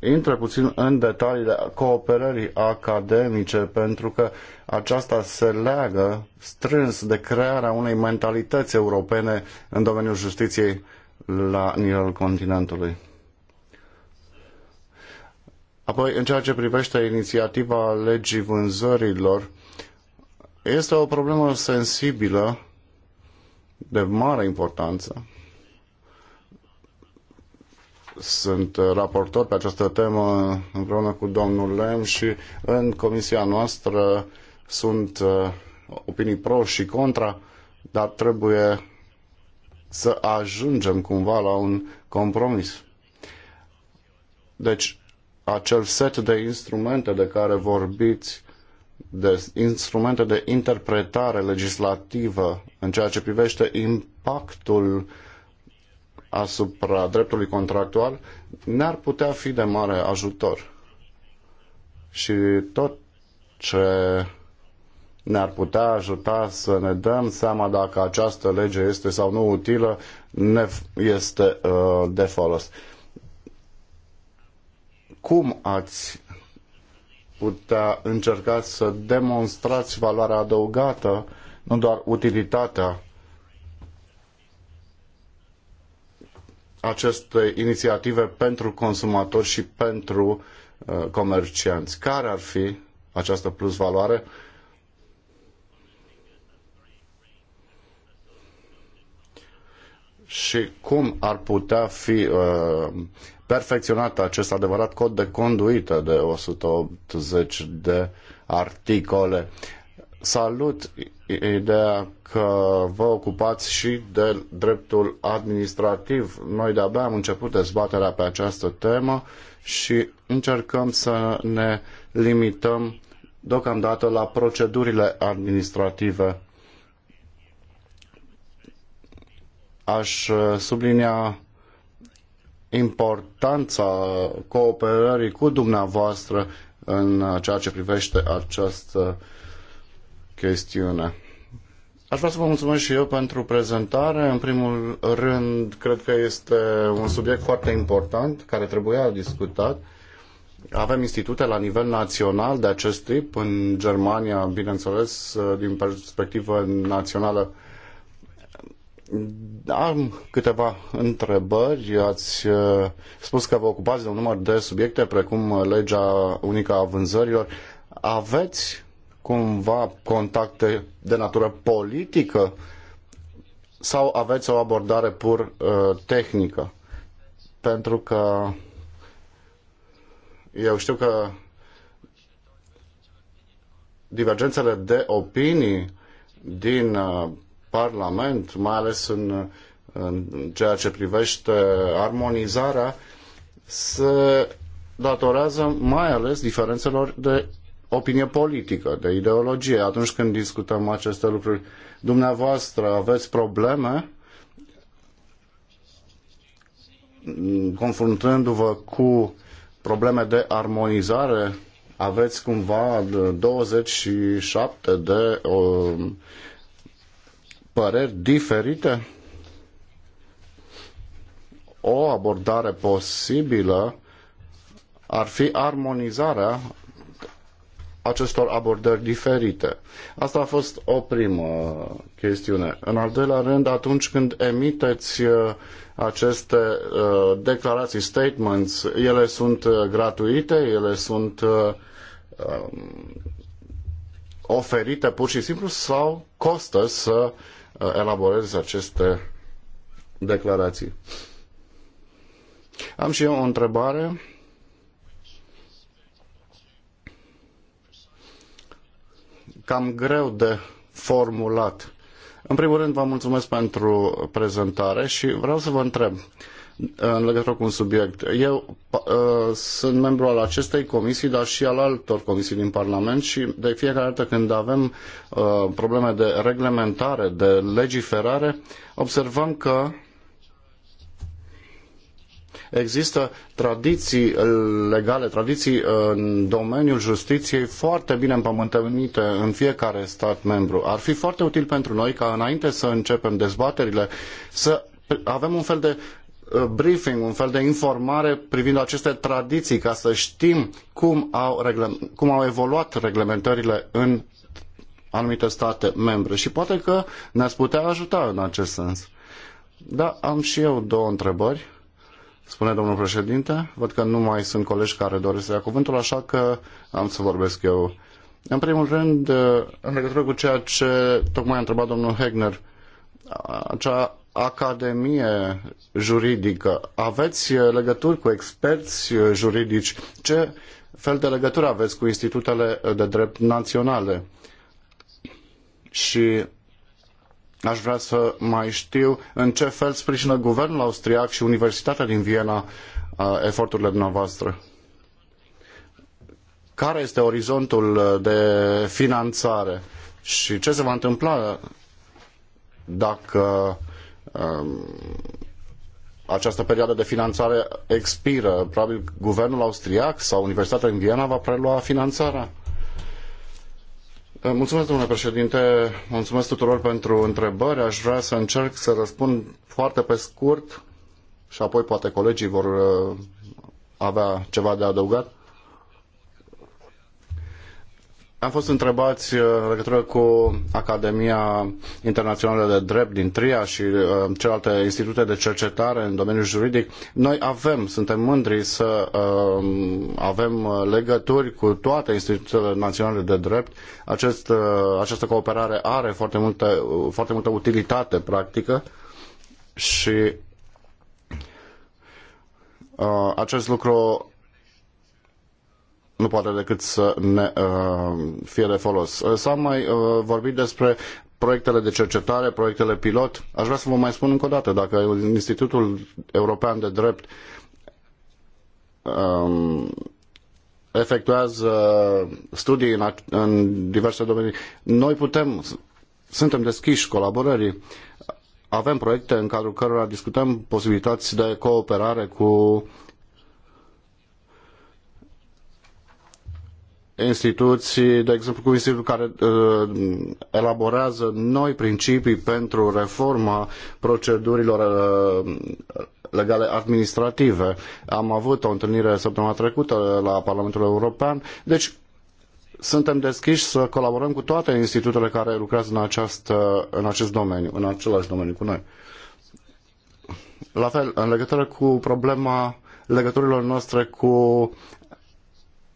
intră puțin în detaliile cooperării academice, pentru că aceasta se leagă strâns de crearea unei mentalități europene în domeniul justiției la nivelul continentului. Apoi, în ceea ce privește inițiativa legii vânzărilor, este o problemă sensibilă de mare importanță sunt uh, raportor pe această temă împreună cu domnul Lem și în comisia noastră sunt uh, opinii pro și contra, dar trebuie să ajungem cumva la un compromis. Deci, acel set de instrumente de care vorbiți, de instrumente de interpretare legislativă în ceea ce privește impactul asupra dreptului contractual ne-ar putea fi de mare ajutor. Și tot ce ne-ar putea ajuta să ne dăm seama dacă această lege este sau nu utilă, ne este uh, de folos. Cum ați putea încerca să demonstrați valoarea adăugată, nu doar utilitatea aceste inițiative pentru consumatori și pentru uh, comercianți. Care ar fi această plusvaloare? Și cum ar putea fi uh, perfecționat acest adevărat cod de conduită de 180 de articole? salut ideea că vă ocupați și de dreptul administrativ. Noi de-abia am început dezbaterea pe această temă și încercăm să ne limităm deocamdată la procedurile administrative. Aș sublinia importanța cooperării cu dumneavoastră în ceea ce privește această chestiune. Aș vrea să vă mulțumesc și eu pentru prezentare. În primul rând, cred că este un subiect foarte important care trebuia discutat. Avem institute la nivel național de acest tip, în Germania, bineînțeles, din perspectivă națională. Am câteva întrebări. Ați uh, spus că vă ocupați de un număr de subiecte, precum legea unică a vânzărilor. Aveți cumva contacte de natură politică sau aveți o abordare pur uh, tehnică? Pentru că eu știu că divergențele de opinii din uh, Parlament, mai ales în, în ceea ce privește armonizarea, se datorează mai ales diferențelor de opinie politică, de ideologie. Atunci când discutăm aceste lucruri, dumneavoastră aveți probleme confruntându-vă cu probleme de armonizare, aveți cumva 27 de o, păreri diferite? O abordare posibilă ar fi armonizarea acestor abordări diferite. Asta a fost o primă chestiune. În al doilea rând, atunci când emiteți uh, aceste uh, declarații, statements, ele sunt uh, gratuite, ele sunt um, oferite pur și simplu sau costă să elaborezi aceste declarații. Am și eu o întrebare cam greu de formulat. În primul rând, vă mulțumesc pentru prezentare și vreau să vă întreb în legătură cu un subiect. Eu uh, sunt membru al acestei comisii, dar și al altor comisii din Parlament și de fiecare dată când avem uh, probleme de reglementare, de legiferare, observăm că Există tradiții uh, legale, tradiții uh, în domeniul justiției foarte bine împământenite în fiecare stat membru. Ar fi foarte util pentru noi ca înainte să începem dezbaterile să avem un fel de uh, briefing, un fel de informare privind aceste tradiții, ca să știm cum au, cum au evoluat reglementările în anumite state membre și poate că ne-ați putea ajuta în acest sens. Da, am și eu două întrebări. Spune domnul președinte, văd că nu mai sunt colegi care doresc să ia cuvântul, așa că am să vorbesc eu. În primul rând, în legătură cu ceea ce tocmai a întrebat domnul Hegner, acea academie juridică, aveți legături cu experți juridici? Ce fel de legătură aveți cu institutele de drept naționale? Și Aș vrea să mai știu în ce fel sprijină guvernul austriac și Universitatea din Viena uh, eforturile dumneavoastră. Care este orizontul uh, de finanțare și ce se va întâmpla dacă um, această perioadă de finanțare expiră? Probabil guvernul austriac sau Universitatea din Viena va prelua finanțarea. Eh, mulțumesc, domnule președinte, mulțumesc tuturor pentru întrebări. Aș vrea să încerc să răspund foarte pe scurt și apoi poate colegii vor eh, avea ceva de adăugat. Am fost întrebați uh, în legătură cu Academia Internațională de Drept din Tria și uh, celelalte institute de cercetare în domeniul juridic. Noi avem, suntem mândri să uh, avem legături cu toate instituțiile naționale de drept. Acest, această cooperare are foarte, multe, foarte multă utilitate practică și acest lucru nu poate decât să ne uh, fie de folos. Uh, S-a mai uh, vorbit despre proiectele de cercetare, proiectele pilot. Aș vrea să vă mai spun încă o dată, dacă Institutul European de Drept um, efectuează studii în, în diverse domenii, noi putem, suntem deschiși colaborării. Avem proiecte în cadrul cărora discutăm posibilități de cooperare cu instituții, de exemplu cu institutul care uh, elaborează noi principii pentru reforma procedurilor uh, legale administrative. Am avut o întâlnire săptămâna trecută la Parlamentul European, deci suntem deschiși să colaborăm cu toate institutele care lucrează în, în acest domeniu, în același domeniu cu noi. La fel, în legătură cu problema legăturilor noastre cu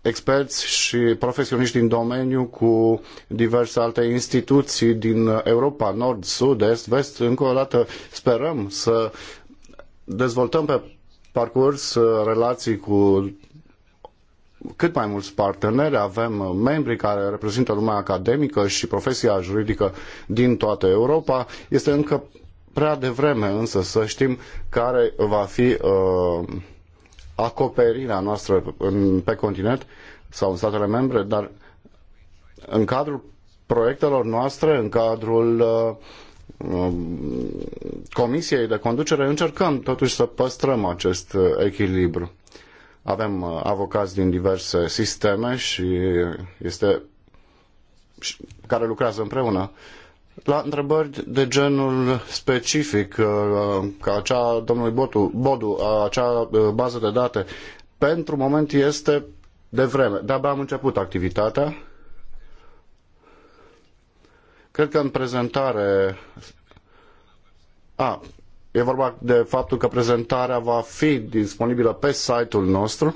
experți și profesioniști din domeniu cu diverse alte instituții din Europa, Nord, Sud, Est, Vest. Încă o dată sperăm să dezvoltăm pe parcurs relații cu cât mai mulți parteneri, avem membri care reprezintă lumea academică și profesia juridică din toată Europa. Este încă prea devreme însă să știm care va fi uh, acoperirea noastră în, pe continent sau în statele membre, dar în cadrul proiectelor noastre, în cadrul uh, um, Comisiei de conducere, încercăm totuși să păstrăm acest uh, echilibru. Avem uh, avocați din diverse sisteme și este care lucrează împreună la întrebări de genul specific, uh, ca acea domnului Botu, Bodu, uh, acea uh, bază de date, pentru moment este de vreme. De-abia am început activitatea. Cred că în prezentare... A, e vorba de faptul că prezentarea va fi disponibilă pe site-ul nostru.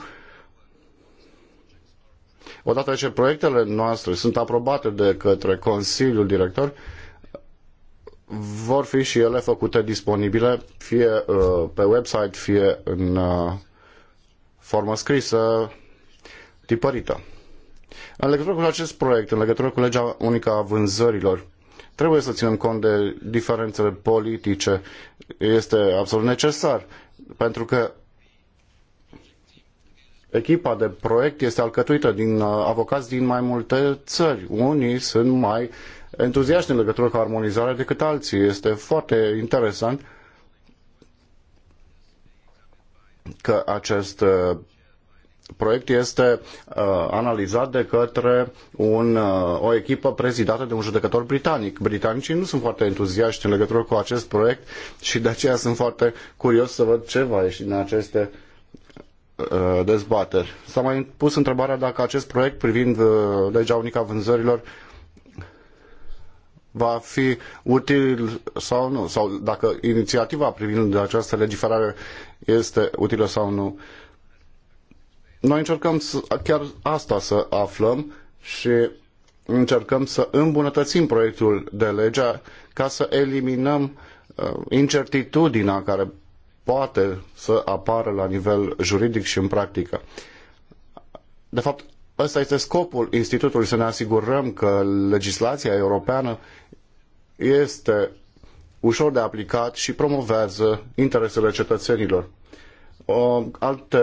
Odată ce proiectele noastre sunt aprobate de către Consiliul Director, vor fi și ele făcute disponibile fie uh, pe website, fie în uh, formă scrisă, tipărită. În legătură cu acest proiect, în legătură cu legea unică a vânzărilor, trebuie să ținem cont de diferențele politice. Este absolut necesar, pentru că echipa de proiect este alcătuită din uh, avocați din mai multe țări. Unii sunt mai uh, entuziaști în legătură cu armonizarea decât alții. Este foarte interesant că acest uh, proiect este uh, analizat de către un, uh, o echipă prezidată de un judecător britanic. Britanicii nu sunt foarte entuziaști în legătură cu acest proiect și de aceea sunt foarte curios să văd ce va ieși din aceste dezbateri. S-a mai pus întrebarea dacă acest proiect privind legea unică a vânzărilor va fi util sau nu, sau dacă inițiativa privind această legiferare este utilă sau nu. Noi încercăm să, chiar asta să aflăm și încercăm să îmbunătățim proiectul de lege ca să eliminăm uh, incertitudinea care poate să apară la nivel juridic și în practică. De fapt, ăsta este scopul Institutului, să ne asigurăm că legislația europeană este ușor de aplicat și promovează interesele cetățenilor. O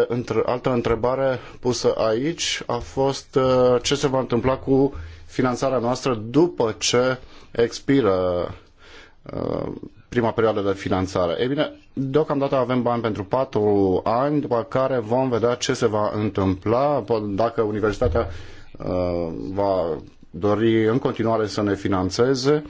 între altă întrebare pusă aici a fost uh, ce se va întâmpla cu finanțarea noastră după ce expiră uh, prima perioadă de finanțare. Ei bine, deocamdată avem bani pentru patru ani, după care vom vedea ce se va întâmpla, dacă universitatea uh, va dori în continuare să ne finanțeze.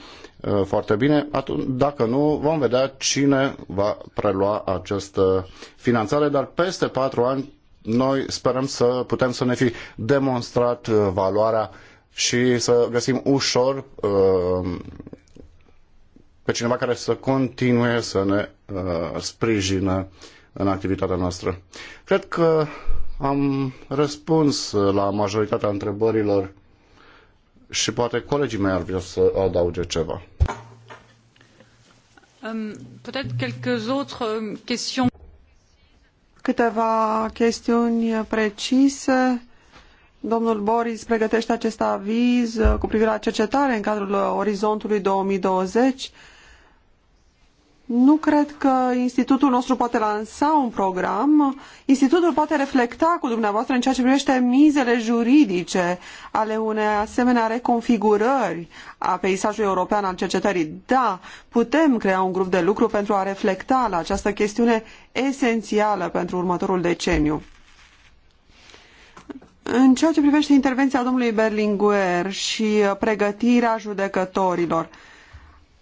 Uh, foarte bine. Atunci, dacă nu, vom vedea cine va prelua această finanțare, dar peste patru ani noi sperăm să putem să ne fi demonstrat uh, valoarea și să găsim ușor uh, pe cineva care să continue să ne sprijină în activitatea noastră. Cred că am răspuns la majoritatea întrebărilor și poate colegii mei ar vrea să adauge ceva. Um, Câteva chestiuni precise. Domnul Boris pregătește acest aviz uh, cu privire la cercetare în cadrul uh, orizontului 2020. Nu cred că institutul nostru poate lansa un program. Institutul poate reflecta cu dumneavoastră în ceea ce privește mizele juridice ale unei asemenea reconfigurări a peisajului european al cercetării. Da, putem crea un grup de lucru pentru a reflecta la această chestiune esențială pentru următorul deceniu. În ceea ce privește intervenția domnului Berlinguer și pregătirea judecătorilor, uh,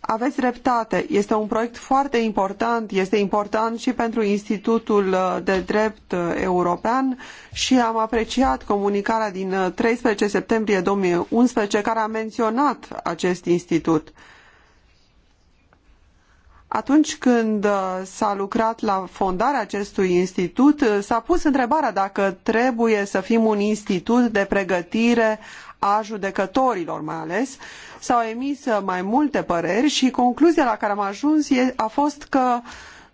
aveți dreptate, este un proiect foarte important, este important și pentru Institutul uh, de Drept uh, European și am apreciat comunicarea din 13 uh, septembrie 2011 care a menționat acest institut. Atunci când s-a lucrat la fondarea acestui institut, s-a pus întrebarea dacă trebuie să fim un institut de pregătire a judecătorilor mai ales, s-au emis mai multe păreri și concluzia la care am ajuns a fost că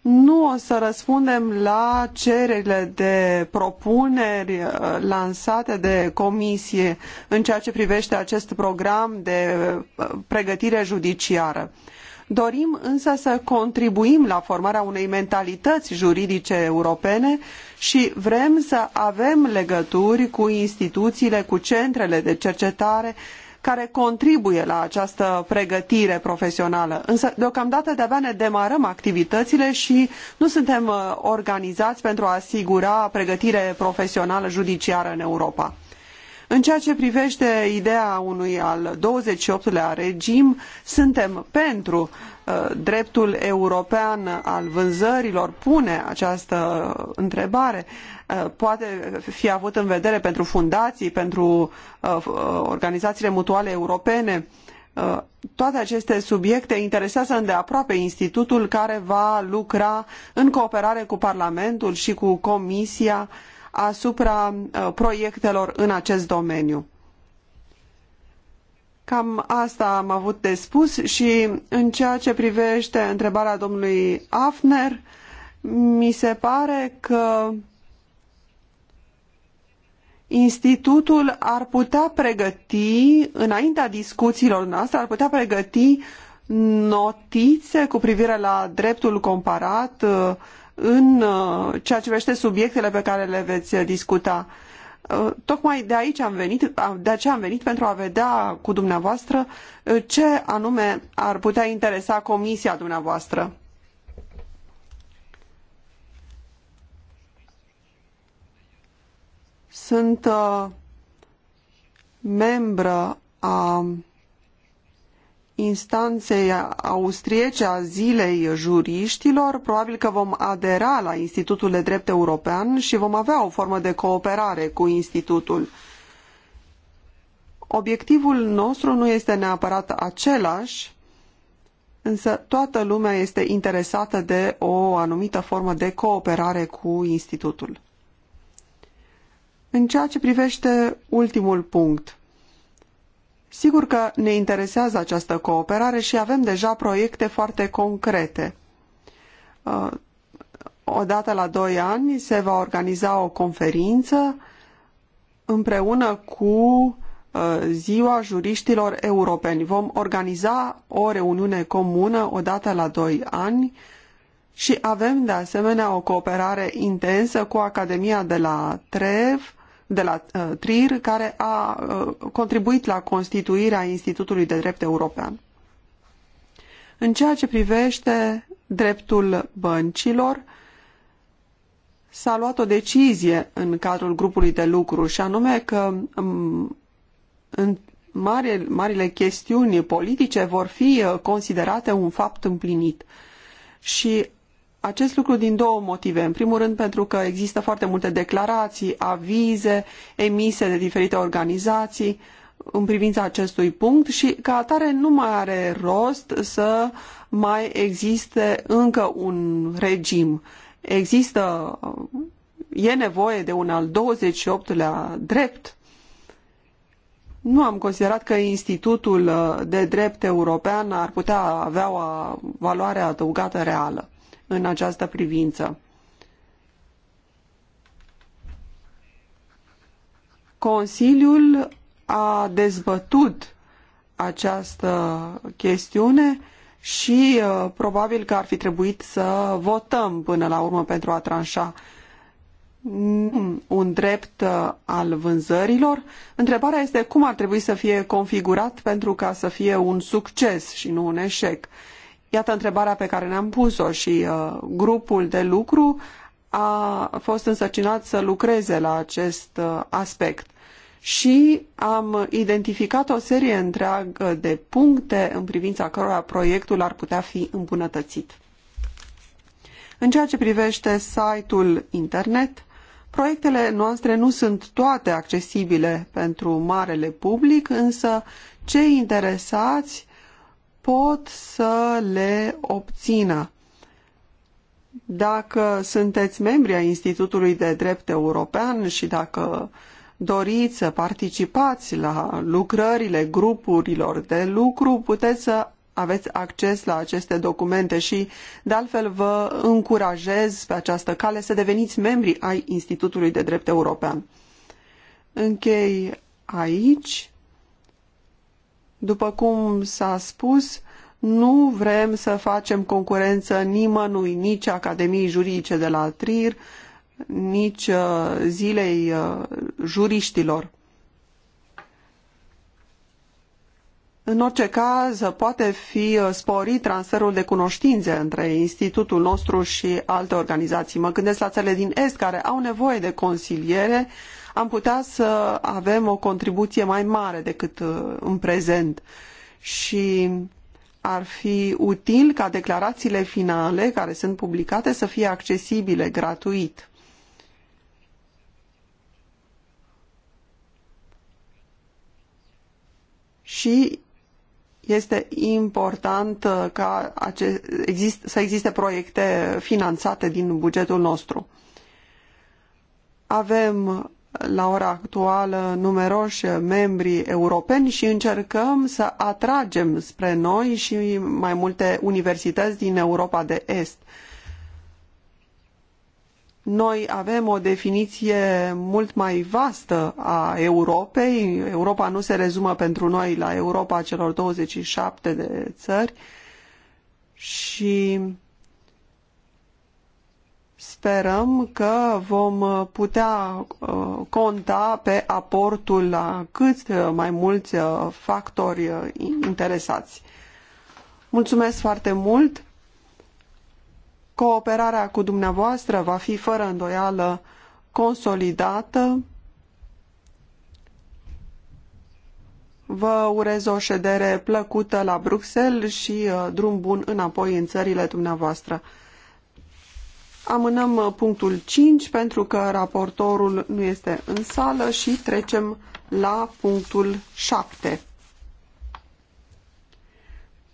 nu o să răspundem la cererile de propuneri uh, lansate de comisie în ceea ce privește acest program de uh, pregătire judiciară. Dorim însă să contribuim la formarea unei mentalități juridice europene și vrem să avem legături cu instituțiile, cu centrele de cercetare care contribuie la această pregătire profesională. Însă, deocamdată, de-abia ne demarăm activitățile și nu suntem uh, organizați pentru a asigura pregătire profesională judiciară în Europa. În ceea ce privește ideea unui al 28-lea regim, suntem pentru uh, dreptul european al vânzărilor pune această întrebare. Uh, poate fi avut în vedere pentru fundații, pentru uh, organizațiile mutuale europene. Toate aceste subiecte interesează îndeaproape institutul care va lucra în cooperare cu Parlamentul și cu Comisia uh, asupra uh, proiectelor în acest domeniu. Cam asta am avut de spus și în ceea ce privește întrebarea domnului Afner, mi se pare că Institutul ar putea pregăti, înaintea discuțiilor noastre, ar putea pregăti notițe cu privire la dreptul comparat, uh, în uh, ceea ce privește subiectele pe care le veți uh, discuta. Uh, tocmai de aici am venit, de aceea am venit pentru a vedea cu dumneavoastră ce anume ar putea interesa comisia dumneavoastră. Sunt membră a instanței austriece a zilei juriștilor, probabil că vom adera la Institutul de Drept European și vom avea o formă de cooperare cu institutul. Obiectivul nostru nu este neapărat același, însă toată lumea este interesată de o anumită formă de cooperare cu institutul. În ceea ce privește ultimul punct, Sigur că ne interesează această cooperare și avem deja proiecte foarte concrete. Uh, odată la doi ani se va organiza o conferință împreună cu uh, Ziua Juriștilor Europeni. Vom organiza o reuniune comună odată la doi ani și avem de asemenea o cooperare intensă cu Academia de la Trev, de la uh, Trier, care a uh, contribuit la constituirea Institutului de Drept European. În ceea ce privește dreptul băncilor, s-a luat o decizie în cadrul grupului de lucru și anume că um, în mare, marile chestiuni politice vor fi uh, considerate un fapt împlinit. Și acest lucru din două motive. În primul rând pentru că există foarte multe declarații, avize emise de diferite organizații în privința acestui punct și ca atare nu mai are rost să mai existe încă un regim. Există, e nevoie de un al 28-lea drept. Nu am considerat că Institutul de Drept European ar putea avea o valoare adăugată reală în această privință. Consiliul a dezbătut această chestiune și uh, probabil că ar fi trebuit să votăm până la urmă pentru a tranșa mm, un drept uh, al vânzărilor. Întrebarea este cum ar trebui să fie configurat pentru ca să fie un succes și nu un eșec. Uh, Iată întrebarea pe care ne-am pus-o și uh, grupul de lucru a fost însărcinat să lucreze la acest uh, aspect. Și am identificat o serie întreagă de puncte în privința cărora proiectul ar putea fi îmbunătățit. În ceea ce privește site-ul internet, proiectele noastre nu sunt toate accesibile pentru marele public, însă cei interesați pot să le obțină. Dacă sunteți membri a Institutului de Drept European și dacă doriți să participați la lucrările grupurilor de lucru, puteți să aveți acces la aceste documente și, de altfel, vă încurajez pe această cale să deveniți membri ai Institutului de Drept European. Închei aici după cum s-a spus, nu vrem să facem concurență nimănui, nici Academiei Juridice de la Trier, nici uh, zilei uh, juriștilor. În orice caz, poate fi uh, sporit transferul de cunoștințe între institutul nostru și alte organizații. Mă gândesc la țările din Est care au nevoie de consiliere uh, am putea să avem o contribuție mai mare decât uh, în prezent și ar fi util ca declarațiile finale care sunt publicate să fie accesibile gratuit. Și este important uh, ca exist, să existe proiecte finanțate din bugetul nostru. Avem la ora actuală numeroși membri europeni și încercăm să atragem spre noi și mai multe universități din Europa de Est. Noi avem o definiție mult mai vastă a Europei. Europa nu se rezumă pentru noi la Europa celor 27 de țări și Sperăm că vom putea uh, conta pe aportul la cât mai mulți uh, factori uh, interesați. Mulțumesc foarte mult! Cooperarea cu dumneavoastră va fi fără îndoială consolidată. Vă urez o ședere plăcută la Bruxelles și drum bun înapoi în țările dumneavoastră. Amânăm uh, punctul 5 pentru că raportorul nu este în sală și trecem la punctul 7.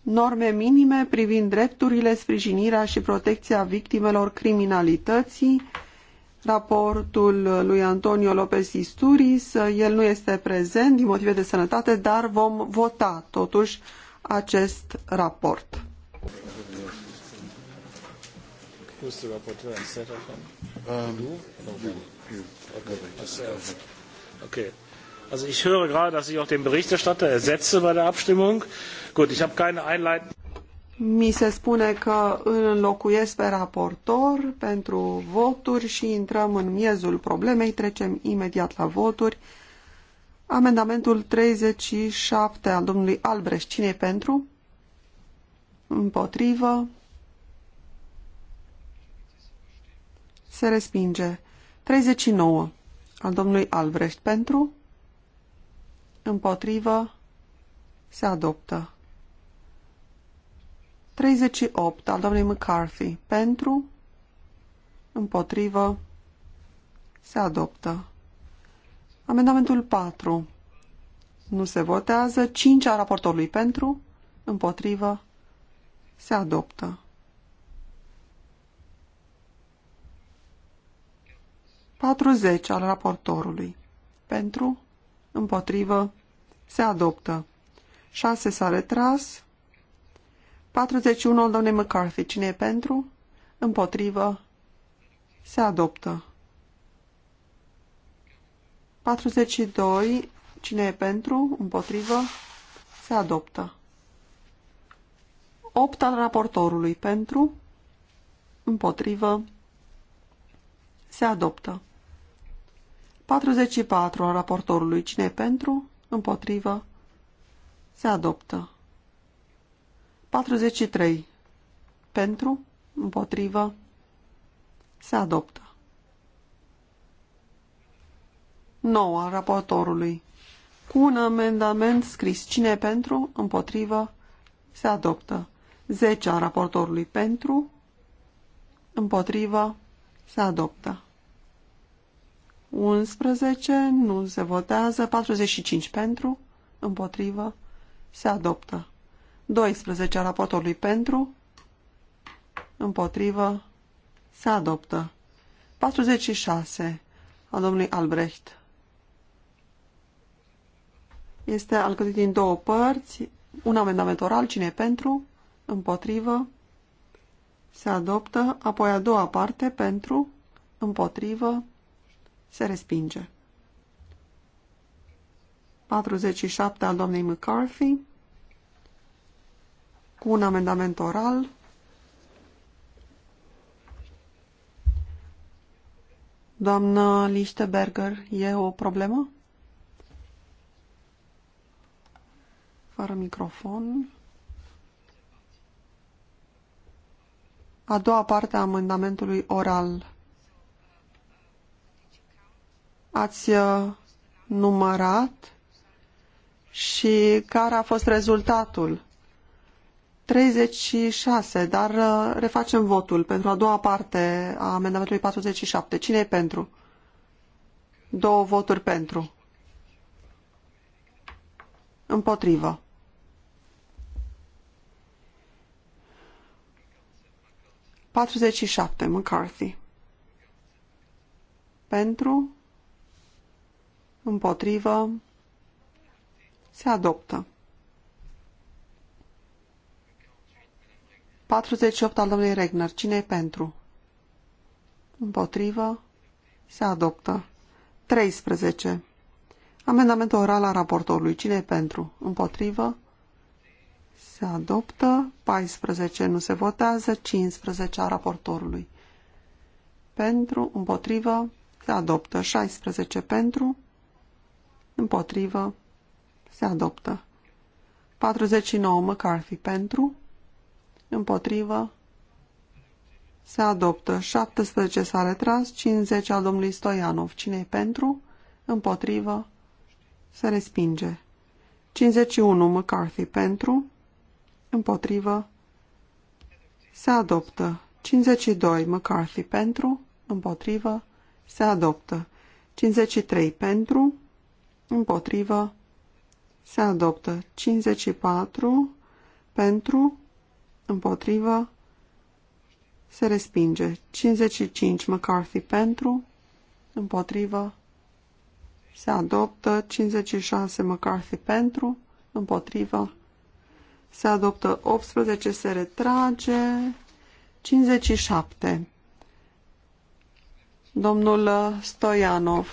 Norme minime privind drepturile, sprijinirea și protecția victimelor criminalității. Raportul lui Antonio Lopez Isturiz, uh, el nu este prezent din motive de sănătate, dar vom vota totuși acest raport. Who's the rapporteur instead of him? Um, No, you, you. Okay, Okay. Also ich höre gerade, dass ich auch den Berichterstatter ersetze bei der Abstimmung. Gut, ich habe keine einleitenden mi se spune că îl înlocuiesc pe raportor pentru voturi și intrăm în miezul problemei, trecem imediat la voturi. Amendamentul 37 al domnului Albrecht, cine pentru? Împotrivă, Se respinge. 39. Al domnului Albrecht pentru. Împotrivă. Se adoptă. 38. Al domnului McCarthy pentru. Împotrivă. Se adoptă. Amendamentul 4. Nu se votează. 5 a raportorului pentru. Împotrivă. Se adoptă. 40 al raportorului. Pentru, împotrivă, se adoptă. 6 s-a retras. 41 al doamnei McCarthy. Cine e pentru? Împotrivă, se adoptă. 42. Cine e pentru? Împotrivă, se adoptă. 8 al raportorului. Pentru, împotrivă, se adoptă. 44 al raportorului. Cine pentru? Împotrivă. Se adoptă. 43. Pentru? Împotrivă. Se adoptă. 9 al raportorului. Cu un amendament scris. Cine pentru? Împotrivă. Se adoptă. 10 al raportorului. Pentru? Împotrivă. Se adoptă. 11 nu se votează, 45 pentru, împotrivă, se adoptă. 12 raportorului pentru, împotrivă, se adoptă. 46 a domnului Albrecht. Este alcătuit din două părți, un amendament oral, cine e pentru, împotrivă, se adoptă, apoi a doua parte, pentru, împotrivă, se respinge. 47 al doamnei McCarthy cu un amendament oral Doamna Lichtenberger, e o problemă? Fără microfon. A doua parte a amendamentului oral ați uh, numărat și care a fost rezultatul. 36, dar uh, refacem votul pentru a doua parte a amendamentului 47. Cine e pentru? Două voturi pentru. Împotrivă. Patruzeci și șapte, McCarthy. Pentru împotrivă, se adoptă. 48 al domnului Regner. cine e pentru? Împotrivă, se adoptă. 13. Amendamentul oral al raportorului. cine e pentru? Împotrivă, se adoptă. 14. Nu se votează. 15 a raportorului. Pentru, împotrivă, se adoptă. 16 pentru, Împotrivă. Se adoptă. 49 McCarthy pentru. Împotrivă. Se adoptă. 17 s-a retras. 50 al domnului Stoianov. cine pentru? Împotrivă. Se respinge. 51 McCarthy pentru. Împotrivă. Se adoptă. 52 McCarthy pentru. Împotrivă. Se adoptă. 53 pentru împotrivă, se adoptă. 54 pentru, împotrivă, se respinge. 55 McCarthy pentru, împotrivă, se adoptă. 56 McCarthy pentru, împotrivă, se adoptă. 18 se retrage. 57 Domnul Stoianov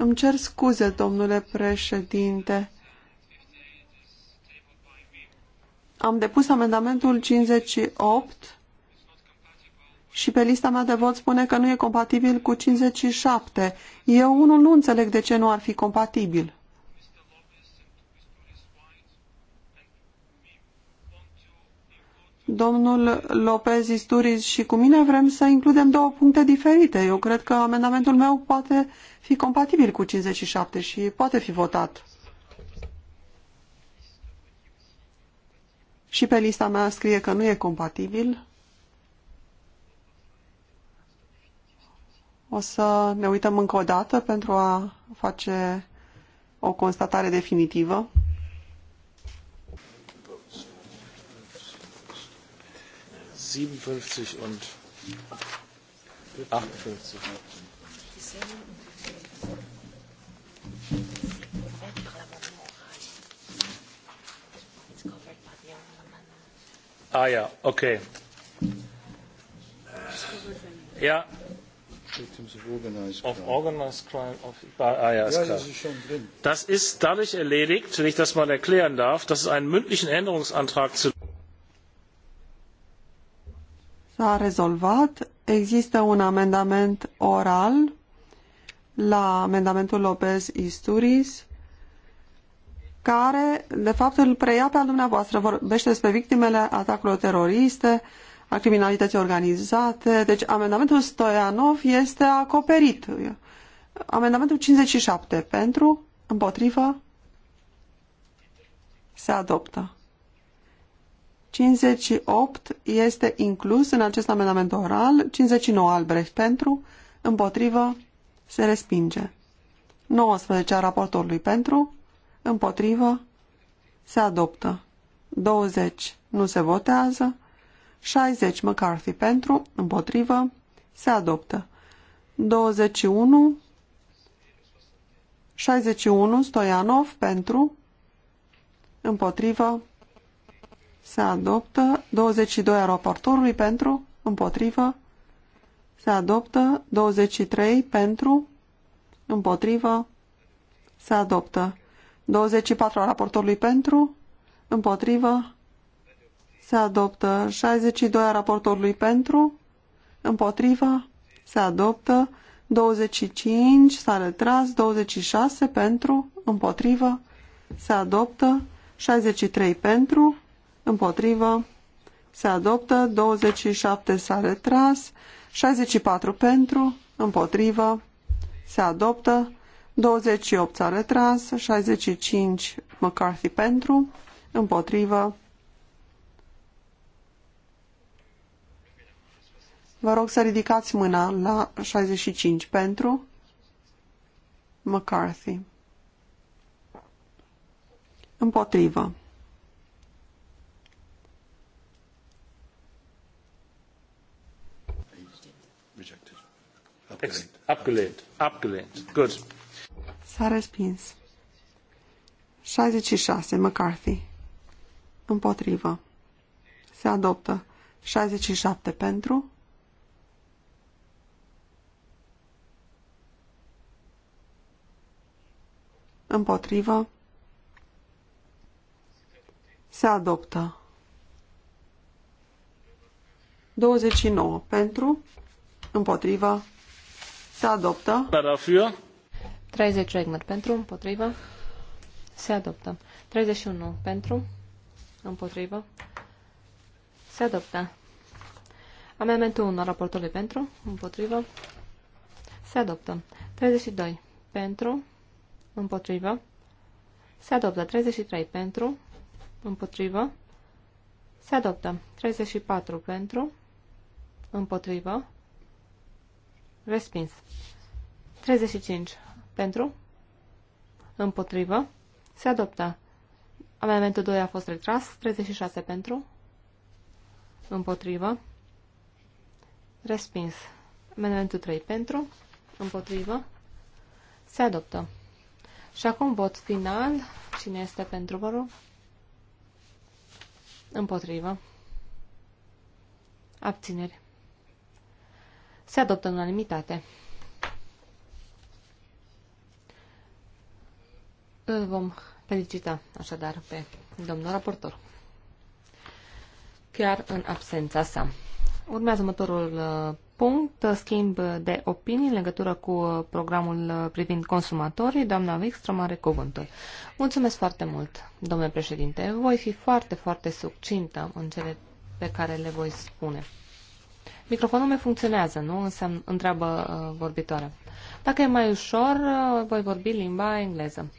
îmi cer scuze, domnule președinte. Am depus amendamentul 58 și pe lista mea de vot spune că nu e compatibil cu 57. Eu unul nu înțeleg de ce nu ar fi compatibil. domnul Lopez Isturiz și cu mine vrem să includem două puncte diferite. Eu cred că amendamentul meu poate fi compatibil cu 57 și poate fi votat. Și pe lista mea scrie că nu e compatibil. O să ne uităm încă o dată pentru a face o constatare definitivă. 57 und 58. Ah ja, okay. Ja. of organized crime. Of ah ja, ist klar. Das ist, das ist dadurch erledigt, wenn ich das mal erklären darf, dass es einen mündlichen Änderungsantrag zu s-a rezolvat. Există un amendament oral la amendamentul Lopez Isturis care, de fapt, îl preia pe al dumneavoastră. Vorbește despre victimele atacurilor teroriste, a criminalității organizate. Deci amendamentul Stoianov este acoperit. Amendamentul 57 pentru, împotrivă, se adoptă. 58 este inclus în acest amendament oral. 59 Albrecht pentru, împotrivă, se respinge. 19 a raportorului pentru, împotrivă, se adoptă. 20 nu se votează. 60 McCarthy pentru, împotrivă, se adoptă. 21 61 Stoianov pentru, împotrivă, se adoptă 22 a raportorului pentru, împotrivă, se adoptă 23 pentru, împotrivă, se adoptă 24 a raportorului pentru, împotrivă, se adoptă 62 a raportorului pentru, împotrivă, se adoptă 25 s-a retras, 26 pentru, împotrivă, se adoptă 63 pentru, împotrivă, se adoptă, 27 s-a retras, 64 pentru, împotrivă, se adoptă, 28 s-a retras, 65 McCarthy pentru, împotrivă. Vă rog să ridicați mâna la 65 pentru, McCarthy. Împotrivă. Abgelehnt. Abgelehnt. Abgelehnt. Good. S-a respins. 66. McCarthy. Împotrivă. Se adoptă. 67 pentru. Împotrivă. Se adoptă. 29 pentru. Împotrivă. Se adoptă. Dafür. 30 Regmer pentru, împotrivă. Se adoptă. 31 pentru, împotrivă. Se adoptă. Amendamentul 1 al raportului pentru, împotrivă. Se adoptă. 32 pentru, împotrivă. Se adoptă. 33 pentru, împotrivă. Se adoptă. 34 pentru, împotrivă. Respins. 35. Pentru? Împotrivă. Se adoptă. Amendamentul 2 a fost retras. 36 pentru. Împotrivă. Respins. Amendamentul 3 pentru. Împotrivă. Se adoptă. Și acum vot final. Cine este pentru, vă rog? Împotrivă. Abțineri se adoptă în unanimitate. Îl vom felicita așadar pe domnul raportor, chiar în absența sa. Urmează următorul uh, punct, uh, schimb de opinii în legătură cu uh, programul privind consumatorii. Doamna Wikström are cuvântul. Mulțumesc foarte mult, domnule președinte. Voi fi foarte, foarte succintă în cele pe care le voi spune. Microfonul meu funcționează, nu? Înseamnă, întreabă uh, vorbitoarea. Dacă e mai ușor, uh, voi vorbi limba engleză.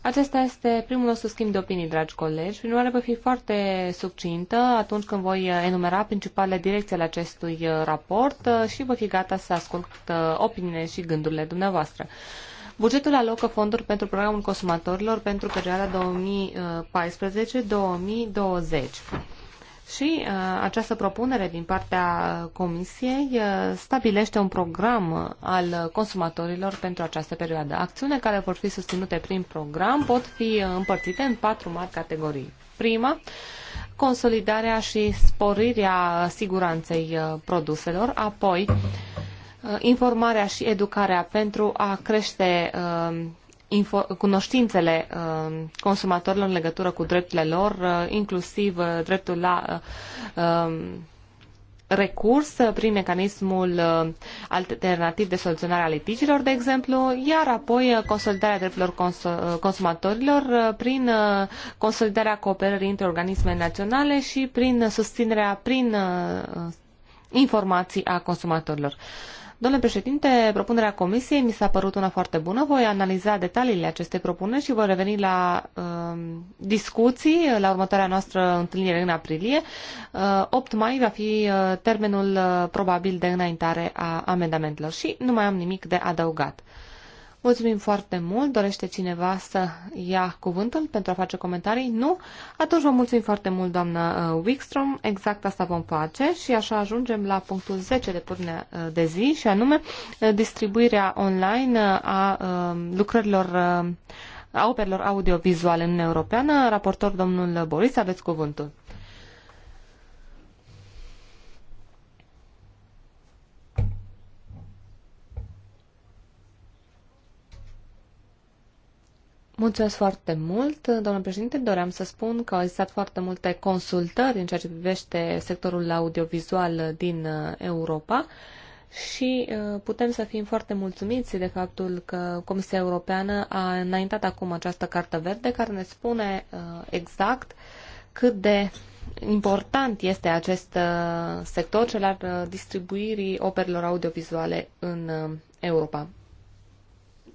Acesta este primul nostru schimb de opinii, dragi colegi. Prin urmare, voi fi foarte succintă atunci când voi uh, enumera principalele direcții ale acestui uh, raport uh, și voi fi gata să ascult opiniile și gândurile dumneavoastră. Bugetul alocă fonduri pentru programul consumatorilor pentru perioada 2014-2020. Și uh, această propunere din partea Comisiei uh, stabilește un program uh, al consumatorilor pentru această perioadă. Acțiune care vor fi susținute prin program pot fi împărțite în patru mari categorii. Prima, consolidarea și sporirea siguranței produselor, apoi informarea și educarea pentru a crește cunoștințele uh, consumatorilor în legătură cu drepturile lor, uh, inclusiv uh, dreptul la recurs prin mecanismul alternativ de soluționare a litigilor, de exemplu, iar apoi consolidarea drepturilor cons consumatorilor prin consolidarea cooperării între organisme naționale și prin susținerea prin informații a consumatorilor. Uh, Domnule președinte, propunerea comisiei mi s-a părut una foarte bună. Voi analiza detaliile acestei propuneri și voi reveni la uh, discuții la următoarea noastră întâlnire în aprilie. Uh, 8 mai va fi uh, termenul uh, probabil de înaintare a amendamentelor și nu mai am nimic de adăugat. Mulțumim foarte mult. Dorește cineva să ia cuvântul pentru a face comentarii? Nu? Atunci vă mulțumim foarte mult, doamna uh, Wickstrom. Exact asta vom face și așa ajungem la punctul 10 de până uh, de zi și anume uh, distribuirea online a lucrărilor a operelor audiovizuale în Europeană. Raportor domnul Boris, aveți cuvântul. Mulțumesc foarte mult, domnule președinte. Doream să spun că au existat foarte multe consultări în ceea ce privește sectorul audiovizual din uh, Europa și uh, putem să fim foarte mulțumiți de faptul că Comisia Europeană a înaintat acum această carte verde care ne spune uh, exact cât de important este acest sector, cel al distribuirii operelor audiovizuale în Europa.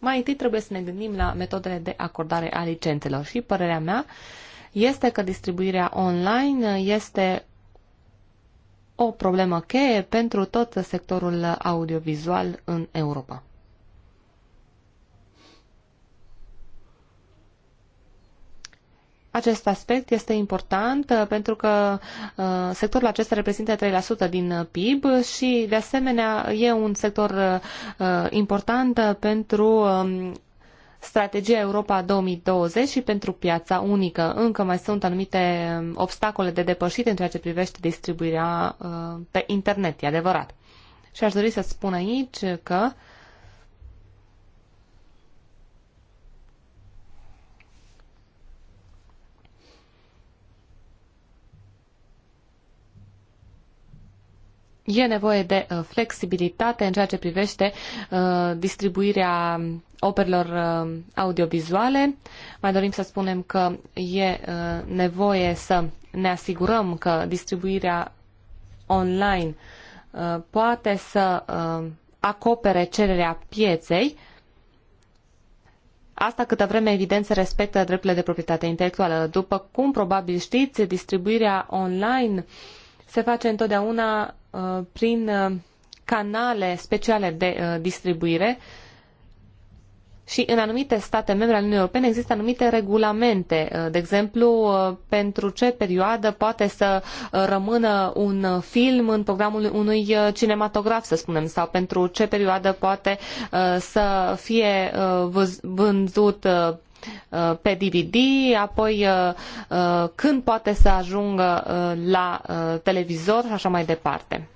Mai întâi trebuie să ne gândim la metodele de acordare a licențelor și părerea mea este că distribuirea online este o problemă cheie pentru tot sectorul audiovizual în Europa. Acest aspect este important uh, pentru că uh, sectorul acesta reprezintă 3% din uh, PIB și, de asemenea, e un sector important pentru um, strategia Europa 2020 și pentru piața unică. Încă mai sunt anumite um, obstacole de depășit în ceea ce privește distribuirea pe internet, e adevărat. Și aș dori să spun aici că uh, E nevoie de uh, flexibilitate în ceea ce privește uh, distribuirea operelor uh, audiovizuale. Mai dorim să spunem că e nevoie să ne asigurăm că distribuirea online poate să acopere cererea pieței, Asta câtă vreme, evident, se respectă drepturile de proprietate intelectuală. După cum probabil știți, distribuirea online uh, se face întotdeauna uh, prin uh, canale speciale de uh, distribuire și în anumite state membre ale Uniunii Europene există anumite regulamente. De exemplu, pentru ce perioadă poate să rămână un film în programul unui cinematograf, să spunem, sau pentru ce perioadă poate să fie vândut Uh, pe DVD, apoi uh, uh, când poate să ajungă la televizor și așa mai departe.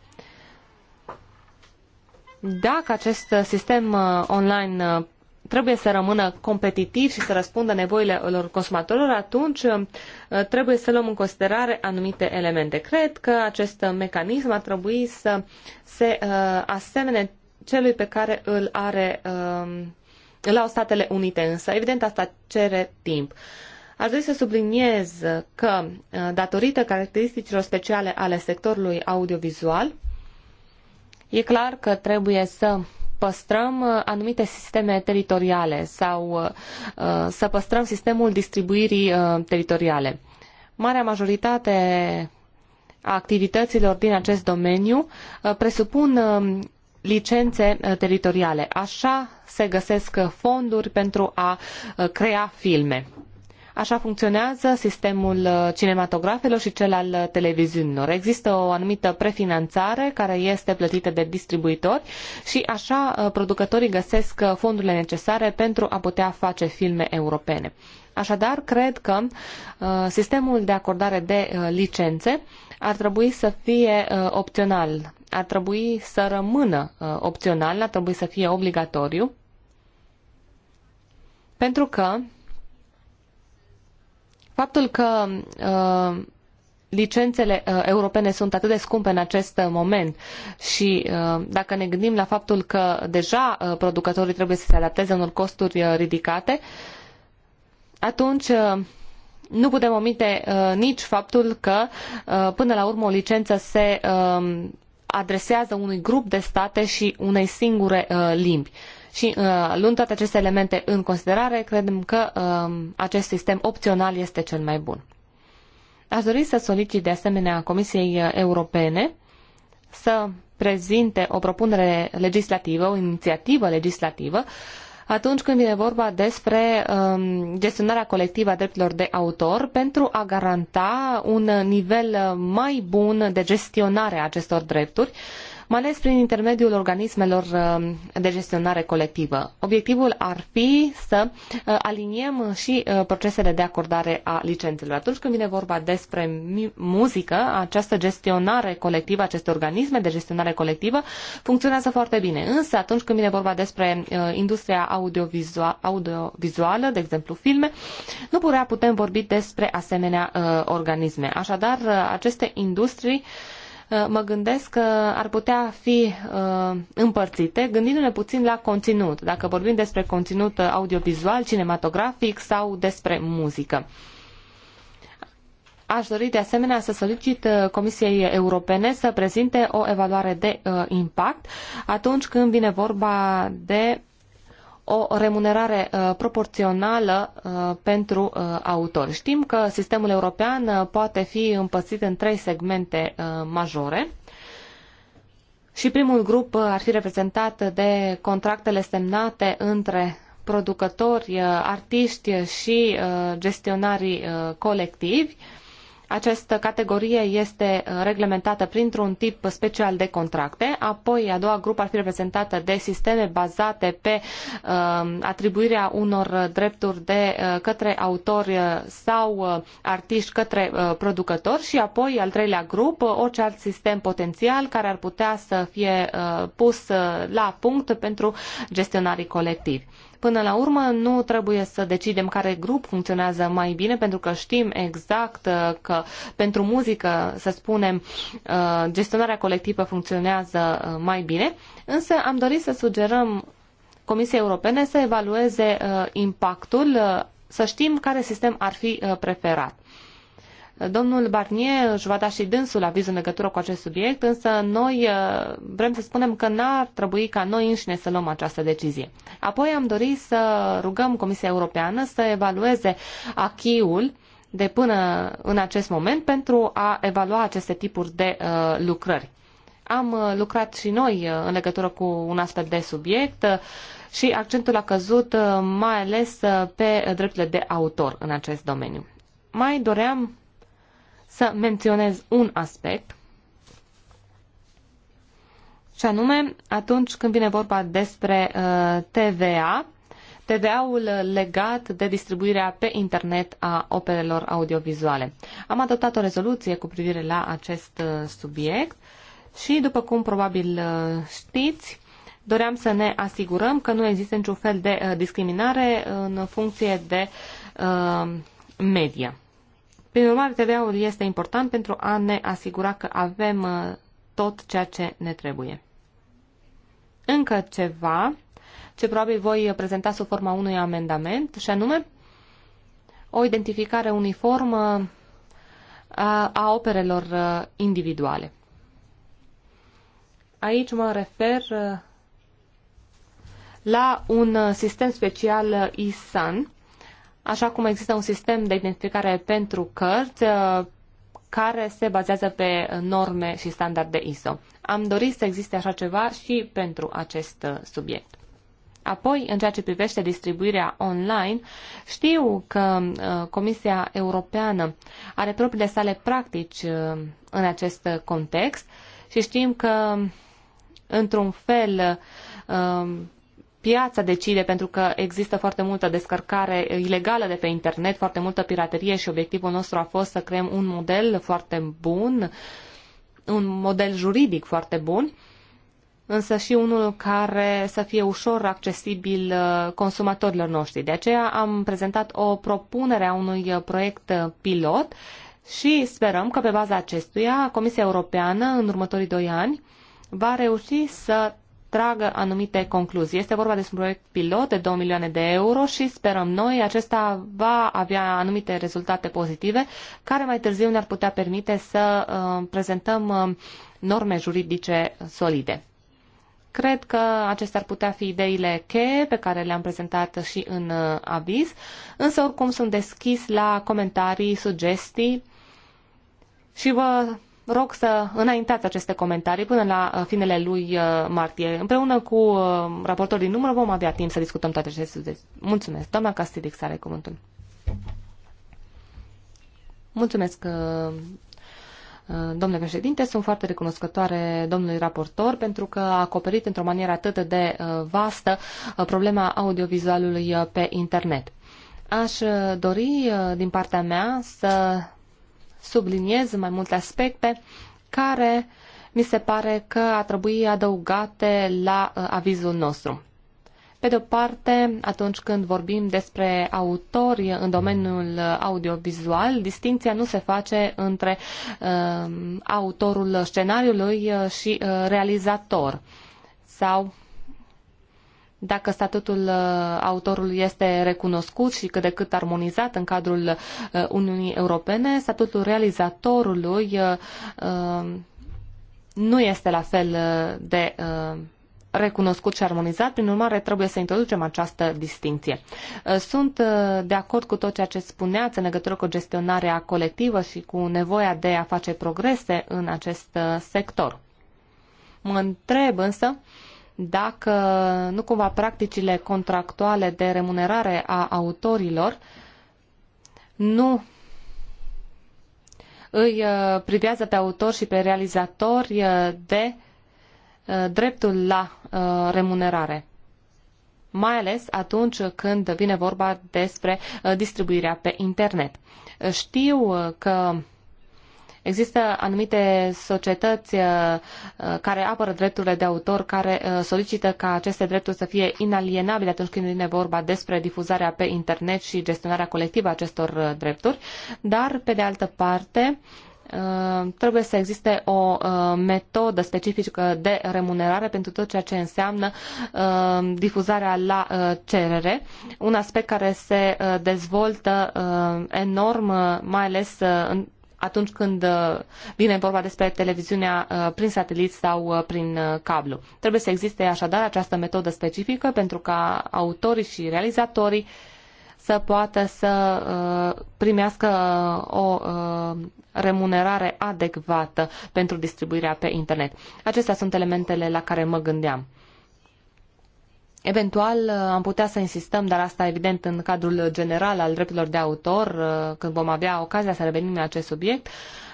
Dacă acest sistem online trebuie să rămână competitiv și să răspundă nevoilor consumatorilor, atunci trebuie să luăm în considerare anumite elemente. Cred că acest mecanism ar trebui să se asemene celui pe care îl are la Statele Unite însă. Evident, asta cere timp. Aș dori să subliniez că, uh, datorită caracteristicilor speciale ale sectorului audiovizual, e clar că trebuie să păstrăm uh, anumite sisteme teritoriale sau uh, să păstrăm sistemul distribuirii teritoriale. Marea majoritate a activităților din acest domeniu presupun um, licențe uh, teritoriale. Așa se găsesc fonduri pentru a uh, crea filme. Așa funcționează sistemul uh, cinematografelor și cel al televiziunilor. Există o anumită prefinanțare care este plătită de distribuitori și așa producătorii găsesc fondurile necesare pentru a putea face filme europene. Așadar, cred că sistemul de acordare de licențe ar trebui să fie opțional ar trebui să rămână uh, opțional, ar trebui să fie obligatoriu, pentru că faptul că uh, licențele uh, europene sunt atât de scumpe în acest moment și uh, dacă ne gândim la faptul că deja uh, producătorii trebuie să se adapteze unor costuri uh, ridicate, atunci uh, nu putem omite nici faptul că până la urmă o licență se adresează unui grup de state și unei singure uh, limbi. Și uh, luând toate aceste elemente în considerare, credem că um, acest sistem opțional este cel mai bun. Aș dori să solicit de asemenea Comisiei uh, Europene să prezinte o propunere legislativă, o inițiativă legislativă atunci când vine vorba despre um, gestionarea colectivă a drepturilor de autor pentru a garanta un nivel mai bun de gestionare a acestor drepturi mai ales prin intermediul organismelor uh, de gestionare colectivă. Obiectivul ar fi să uh, aliniem și uh, procesele de acordare a licențelor. Atunci când vine vorba despre muzică, această gestionare colectivă, aceste organisme de gestionare colectivă funcționează foarte bine. Însă atunci când vine vorba despre industria audiovizuală, de exemplu filme, nu prea putem vorbi despre asemenea organisme. Așadar, aceste industrii Uh, mă gândesc că ar putea fi uh, împărțite, gândindu-ne puțin la conținut, dacă vorbim despre conținut audiovizual, cinematografic sau despre muzică. Aș dori de asemenea să solicit uh, Comisiei Europene să prezinte o evaluare de impact atunci când vine vorba de o remunerare uh, proporțională uh, pentru uh, autor. Știm că sistemul european poate fi împărțit în trei segmente majore. Și primul grup ar fi reprezentat de contractele semnate între producători, artiști și gestionarii colectivi. Această categorie este uh, reglementată printr-un tip special de contracte. Apoi, a doua grupă ar fi reprezentată de sisteme bazate pe uh, atribuirea unor drepturi de uh, către autori uh, sau uh, artiști către uh, producători și apoi, al treilea grup, uh, orice alt sistem potențial care ar putea să fie uh, pus uh, la punct pentru gestionarii colectivi. Până la urmă, nu trebuie să decidem care grup funcționează mai bine, pentru că știm exact uh, că pentru muzică, să spunem, uh, gestionarea colectivă funcționează uh, mai bine, însă am dorit să sugerăm Comisiei Europene să evalueze impactul, să știm care sistem ar fi preferat. Domnul Barnier își va da și dânsul aviz în legătură cu acest subiect, însă noi uh, vrem să spunem că n-ar trebui ca noi înșine să luăm această decizie. Apoi am dorit să rugăm Comisia Europeană să evalueze achiul de până în acest moment pentru a evalua aceste tipuri de uh, lucrări. Am uh, lucrat și noi uh, în legătură cu un astfel de subiect și accentul a căzut mai ales pe drepturile de autor în acest domeniu. Mai doream să menționez un aspect, și anume atunci când vine vorba despre uh, TVA, TVA-ul legat de distribuirea pe internet a operelor audiovizuale. Am adoptat o rezoluție cu privire la acest uh, subiect și, după cum probabil uh, știți, doream să ne asigurăm că nu există niciun fel de discriminare în funcție de media. Prin urmare, TVA-ul este important pentru a ne asigura că avem uh, tot ceea ce ne trebuie. Încă ceva ce probabil voi prezenta sub forma unui amendament, și anume o identificare uniformă uh, a operelor uh, individuale. Aici mă refer la un sistem special ISAN așa cum există un sistem de identificare pentru cărți uh, care se bazează pe norme și standarde ISO. Am dorit să existe așa ceva și pentru acest uh, subiect. Apoi, în ceea ce privește distribuirea online, știu că uh, Comisia Europeană are propriile sale practici în acest context și știm că, într-un fel, piața decide pentru că există foarte multă descărcare ilegală de pe internet, foarte multă piraterie și obiectivul nostru a fost să creăm un model foarte bun, un model juridic foarte bun, însă și unul care să fie ușor accesibil uh, consumatorilor noștri. De aceea am prezentat o propunere a unui uh, proiect uh, pilot și sperăm că pe baza acestuia Comisia Europeană în următorii doi ani va reuși să tragă anumite concluzii. Este vorba despre un proiect pilot de 2 milioane de euro și sperăm noi acesta va avea anumite rezultate pozitive care mai târziu ne-ar putea permite să uh, prezentăm uh, norme juridice solide. Cred că acestea ar putea fi ideile cheie pe care le-am prezentat și în uh, aviz, însă oricum sunt deschis la comentarii, sugestii și vă rog să înaintați aceste comentarii până la uh, finele lui uh, martie. Împreună cu uh, raportorii din număr vom avea timp să discutăm toate aceste subiecte. Mulțumesc. Doamna Castidix are cuvântul. Mulțumesc, domnule președinte. Sunt foarte recunoscătoare domnului raportor pentru că a acoperit într-o manieră atât de vastă problema audiovizualului pe internet. Aș dori din partea mea să subliniez mai multe aspecte care mi se pare că ar trebui adăugate la uh, avizul nostru. Pe de o parte, atunci când vorbim despre autori în domeniul audiovizual, distinția nu se face între uh, autorul scenariului și uh, realizator sau dacă statutul uh, autorului este recunoscut și cât de cât armonizat în cadrul uh, Uniunii Europene, statutul realizatorului uh, nu este la fel de recunoscut și armonizat, prin urmare trebuie să introducem această distinție. Sunt de acord cu tot ceea ce spuneați în legătură cu gestionarea colectivă și cu nevoia de a face progrese în acest sector. Mă întreb însă dacă nu cumva practicile contractuale de remunerare a autorilor nu îi uh, privează pe autor și pe realizatori uh, de uh, dreptul la remunerare mai ales atunci când vine vorba despre distribuirea pe internet. Știu că Există anumite societăți uh, uh, care apără drepturile de autor, care uh, solicită ca aceste drepturi să fie inalienabile atunci când vine vorba despre difuzarea pe internet și gestionarea colectivă a acestor drepturi, dar, pe de altă parte, trebuie să existe o metodă specifică de remunerare pentru tot ceea ce înseamnă difuzarea la cerere, un aspect care se dezvoltă enorm, mai ales în atunci când uh, vine vorba despre televiziunea uh, prin satelit sau uh, prin cablu. Trebuie să existe așadar această metodă specifică pentru ca autorii și realizatorii să poată să primească o remunerare adecvată pentru distribuirea pe internet. Acestea sunt elementele la care mă gândeam. Eventual uh, am putea să insistăm, dar asta evident în cadrul general al drepturilor de autor, uh, când vom avea ocazia să revenim la acest subiect,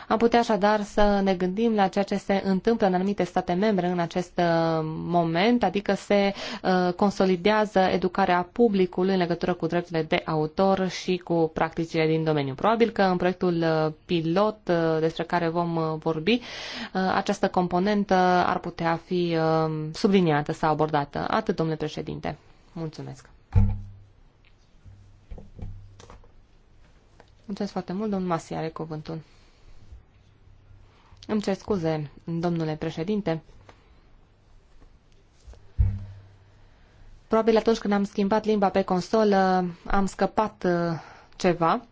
am putea așadar să ne gândim la ceea ce se întâmplă în anumite state membre în acest uh, moment, adică se uh, consolidează educarea publicului în legătură cu drepturile de autor și cu practicile din domeniu. Probabil că în proiectul uh, pilot despre care vom vorbi, această componentă ar putea fi subliniată sau abordată. Atât, domnule președinte. Mulțumesc. Mulțumesc foarte mult, domnul Masi are cuvântul. Îmi cer scuze, domnule președinte. Probabil atunci când am schimbat limba pe consolă, am scăpat uh, ceva,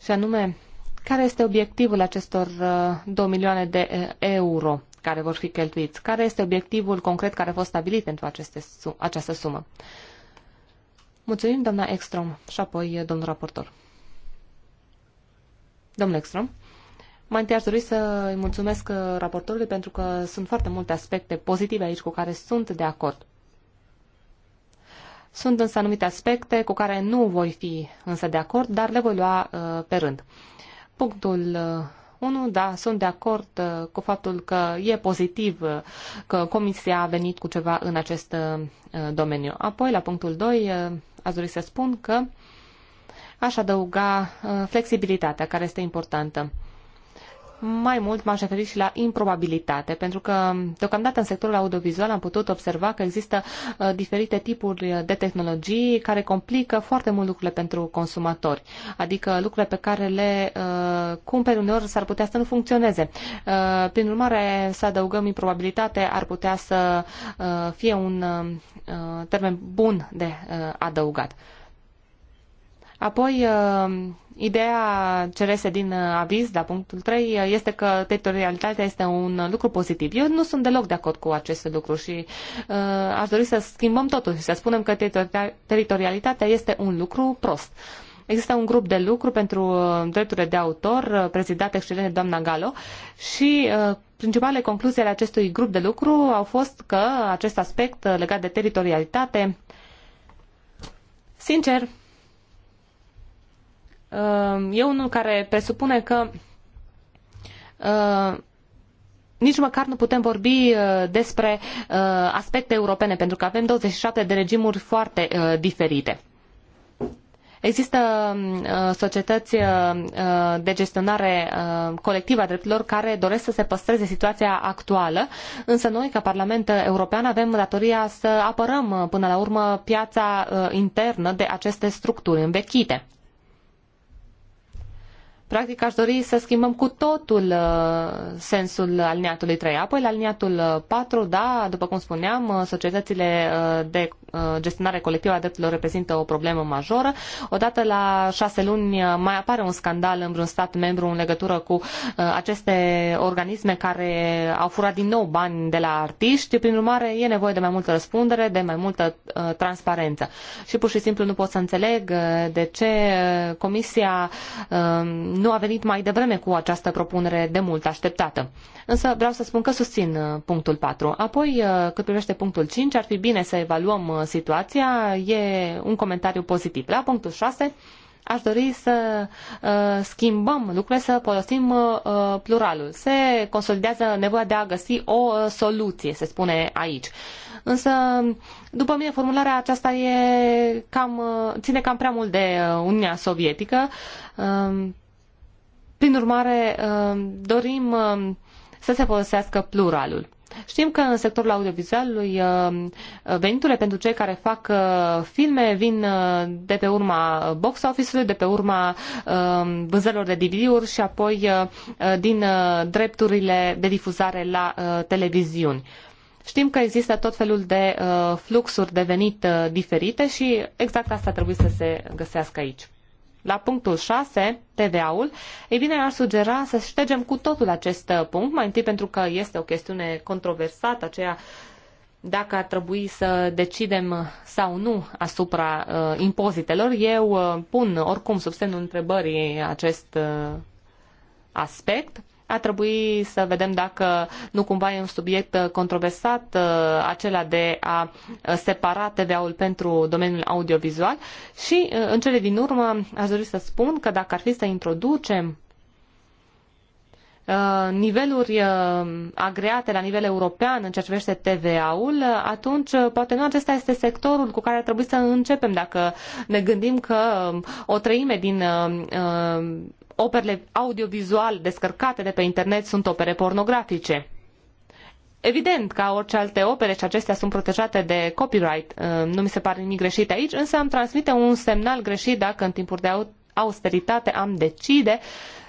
și anume, care este obiectivul acestor 2 uh, milioane de uh, euro care vor fi cheltuiți? Care este obiectivul concret care a fost stabilit pentru aceste, această sumă? Mulțumim, doamna Ekstrom, și apoi domnul raportor. Domnul Ekstrom. Mai întâi aș dori să îi mulțumesc uh, raportorului pentru că sunt foarte multe aspecte pozitive aici cu care sunt de acord. Sunt însă anumite aspecte cu care nu voi fi însă de acord, dar le voi lua uh, pe rând. Punctul uh, 1, da, sunt de acord uh, cu faptul că e pozitiv uh, că Comisia a venit cu ceva în acest uh, uh domeniu. Apoi, la punctul 2, uh, aș dori să spun că aș adăuga uh, flexibilitatea, care este importantă mai mult m-aș referi și la improbabilitate, pentru că deocamdată în sectorul audiovizual am putut observa că există uh, diferite tipuri uh, de tehnologii care complică foarte mult lucrurile pentru consumatori. Adică lucrurile pe care le uh, cumperi uneori s-ar putea să nu funcționeze. Uh, prin urmare, să adăugăm improbabilitate ar putea să uh, fie un uh, termen bun de uh, adăugat. Apoi, uh, ideea cerese din uh, aviz, da punctul 3, uh, este că teritorialitatea este un lucru pozitiv. Eu nu sunt deloc de acord cu acest lucru și uh, aș dori să schimbăm totul și să spunem că teritorialitatea este un lucru prost. Există un grup de lucru pentru drepturile de autor, prezidat excelent de doamna Galo, și uh, principalele concluzii ale acestui grup de lucru au fost că acest aspect legat de teritorialitate, sincer, Ehm, e unul care presupune că ehm, nici măcar nu putem vorbi eh, despre eh, aspecte europene, pentru că avem 27 de regimuri foarte eh, diferite. Există mm, societăți de gestionare colectivă a drepturilor care doresc să se păstreze situația actuală, însă noi, ca Parlament European, avem datoria să apărăm până la urmă piața internă de aceste structuri învechite. Practic aș dori să schimbăm cu totul uh, sensul alineatului 3. Apoi la alineatul 4, uh, da, după cum spuneam, uh, societățile de gestionare colectivă a drepturilor reprezintă o problemă majoră. Odată la șase luni mai apare un scandal în vreun stat membru în legătură cu aceste organisme care au furat din nou bani de la artiști. Prin urmare, e nevoie de mai multă răspundere, de mai multă transparență. Și pur și simplu nu pot să înțeleg de ce Comisia nu a venit mai devreme cu această propunere de mult așteptată. Însă vreau să spun că susțin uh, punctul 4. Apoi, uh, cât privește punctul 5, ar fi bine să evaluăm uh, situația. E un comentariu pozitiv. La punctul 6, aș dori să uh, schimbăm lucrurile, să folosim uh, pluralul. Se consolidează nevoia de a găsi o soluție, se spune aici. Însă, după mine, formularea aceasta e cam, ține cam prea mult de Uniunea Sovietică. Uh, prin urmare, um, dorim um, să se folosească pluralul. Știm că în sectorul audiovizualului um, veniturile pentru cei care fac uh, filme vin uh, de pe urma box office-ului, de pe urma vânzărilor de DVD-uri și apoi uh, din drepturile de difuzare la televiziuni. Știm că există tot felul de fluxuri de venit diferite și exact asta trebuie să se găsească aici la punctul 6, TVA-ul, ei bine, aș sugera să ștergem cu totul acest uh, punct, mai întâi pentru că este o chestiune controversată, aceea dacă ar trebui să decidem sau nu asupra uh, impozitelor. Eu uh, pun oricum sub semnul întrebării acest uh, aspect ar trebui să vedem dacă nu cumva e un subiect uh, controversat uh, acela de a uh, separa TVA-ul pentru domeniul audiovizual și în cele din urmă aș dori să spun că dacă ar fi să introducem niveluri agreate la nivel european în ceea ce privește TVA-ul, atunci poate nu acesta este sectorul cu care ar trebui să începem dacă ne gândim că um, o treime din operele audiovizual descărcate de pe internet sunt opere pornografice. Evident, ca orice alte opere și acestea sunt protejate de copyright, uh, nu mi se pare nimic greșit aici, însă am transmite un semnal greșit dacă în timpuri de austeritate am decide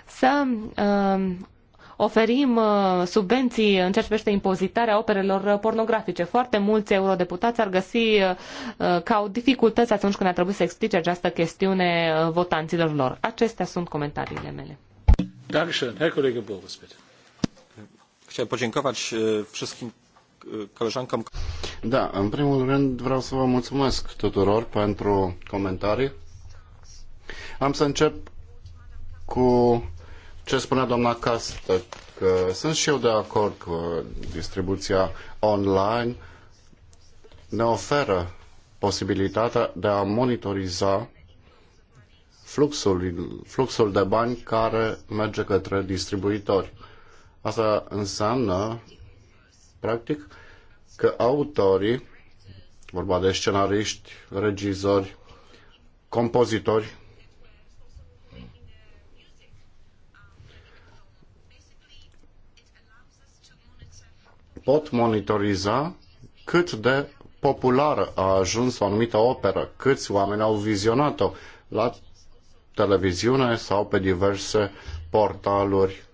să uh, oferim uh, subvenții în ceea ce privește impozitarea operelor uh, pornografice. Foarte mulți eurodeputați ar găsi uh, ca o dificultăți atunci când ar trebui să explice această chestiune votanților lor. Acestea sunt comentariile mele. Dankeschön. Herr Kollege Boris, bitte. Chciałem podziękować wszystkim koleżankom. Da, în primul rând vreau să vă mulțumesc tuturor pentru comentarii. Am să încep cu ce spunea doamna Castă, că sunt și eu de acord că distribuția online ne oferă posibilitatea de a monitoriza fluxul, fluxul de bani care merge către distribuitori. Asta înseamnă, practic, că autorii, vorba de scenariști, regizori, compozitori, pot monitoriza cât de populară a ajuns o anumită operă, câți oameni au vizionat-o la televiziune sau pe diverse portaluri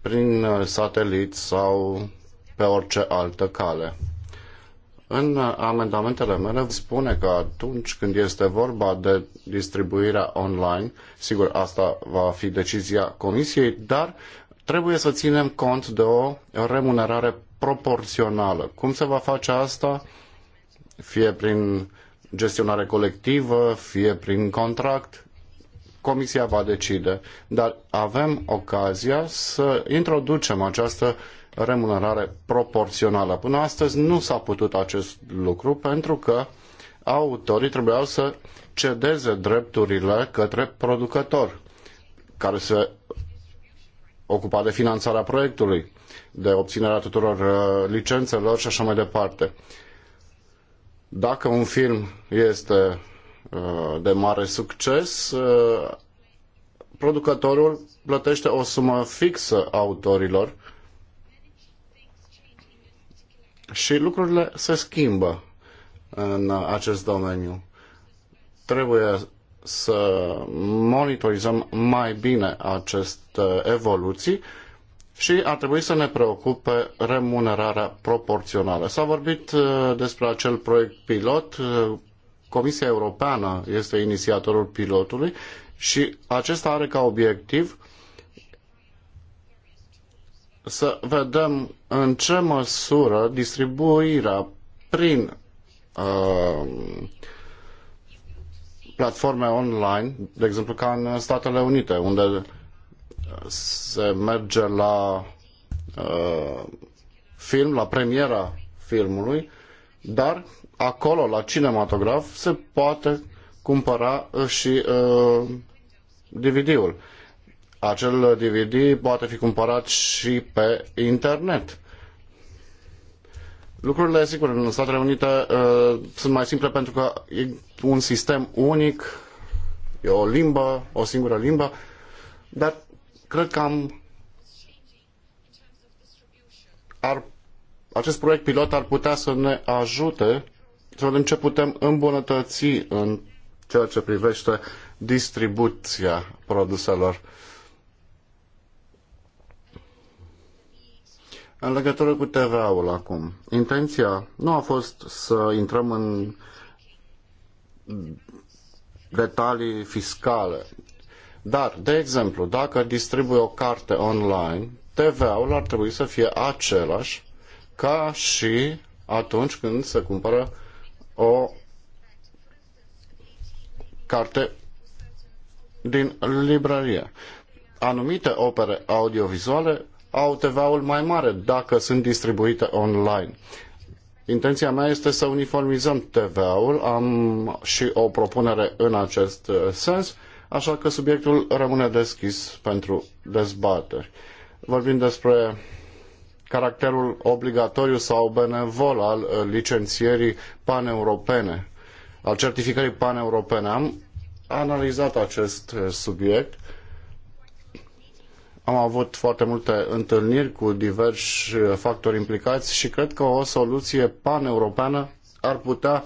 prin satelit sau pe orice altă cale. În amendamentele mele spune că atunci când este vorba de distribuirea online, sigur asta va fi decizia comisiei, dar trebuie să ținem cont de o remunerare proporțională. Cum se va face asta? Fie prin gestionare colectivă, fie prin contract, Comisia va decide. Dar avem ocazia să introducem această remunerare proporțională. Până astăzi nu s-a putut acest lucru pentru că autorii trebuiau să cedeze drepturile către producător care se ocupa de finanțarea proiectului de obținerea tuturor uh, licențelor și așa mai departe. Dacă un film este uh, de mare succes, uh, producătorul plătește o sumă fixă autorilor și lucrurile se schimbă în acest domeniu. Trebuie să monitorizăm mai bine aceste evoluții și ar trebui să ne preocupe remunerarea proporțională. S-a vorbit uh, despre acel proiect pilot. Uh, Comisia Europeană este inițiatorul pilotului și acesta are ca obiectiv să vedem în ce măsură distribuirea prin uh, platforme online, de exemplu ca în Statele Unite, unde se merge la uh, film, la premiera filmului, dar acolo, la cinematograf, se poate cumpăra uh, și uh, DVD-ul. Acel DVD poate fi cumpărat și pe internet. Lucrurile, sigur, în Statele Unite uh, sunt mai simple pentru că e un sistem unic, e o limbă, o singură limbă, dar Cred că am, ar, acest proiect pilot ar putea să ne ajute să vedem ce putem îmbunătăți în ceea ce privește distribuția produselor. În legătură cu TVA-ul acum, intenția nu a fost să intrăm în detalii fiscale. Dar, de exemplu, dacă distribui o carte online, TVA-ul ar trebui să fie același ca și atunci când se cumpără o carte din librărie. Anumite opere audiovizuale au TVA-ul mai mare dacă sunt distribuite online. Intenția mea este să uniformizăm TVA-ul, am și o propunere în acest uh, sens așa că subiectul rămâne deschis pentru dezbateri. Vorbim despre caracterul obligatoriu sau benevol al uh, licențierii paneuropene, al certificării paneuropene. Am analizat acest uh, subiect. Am avut foarte multe întâlniri cu diversi uh, factori implicați și cred că o soluție paneuropeană ar putea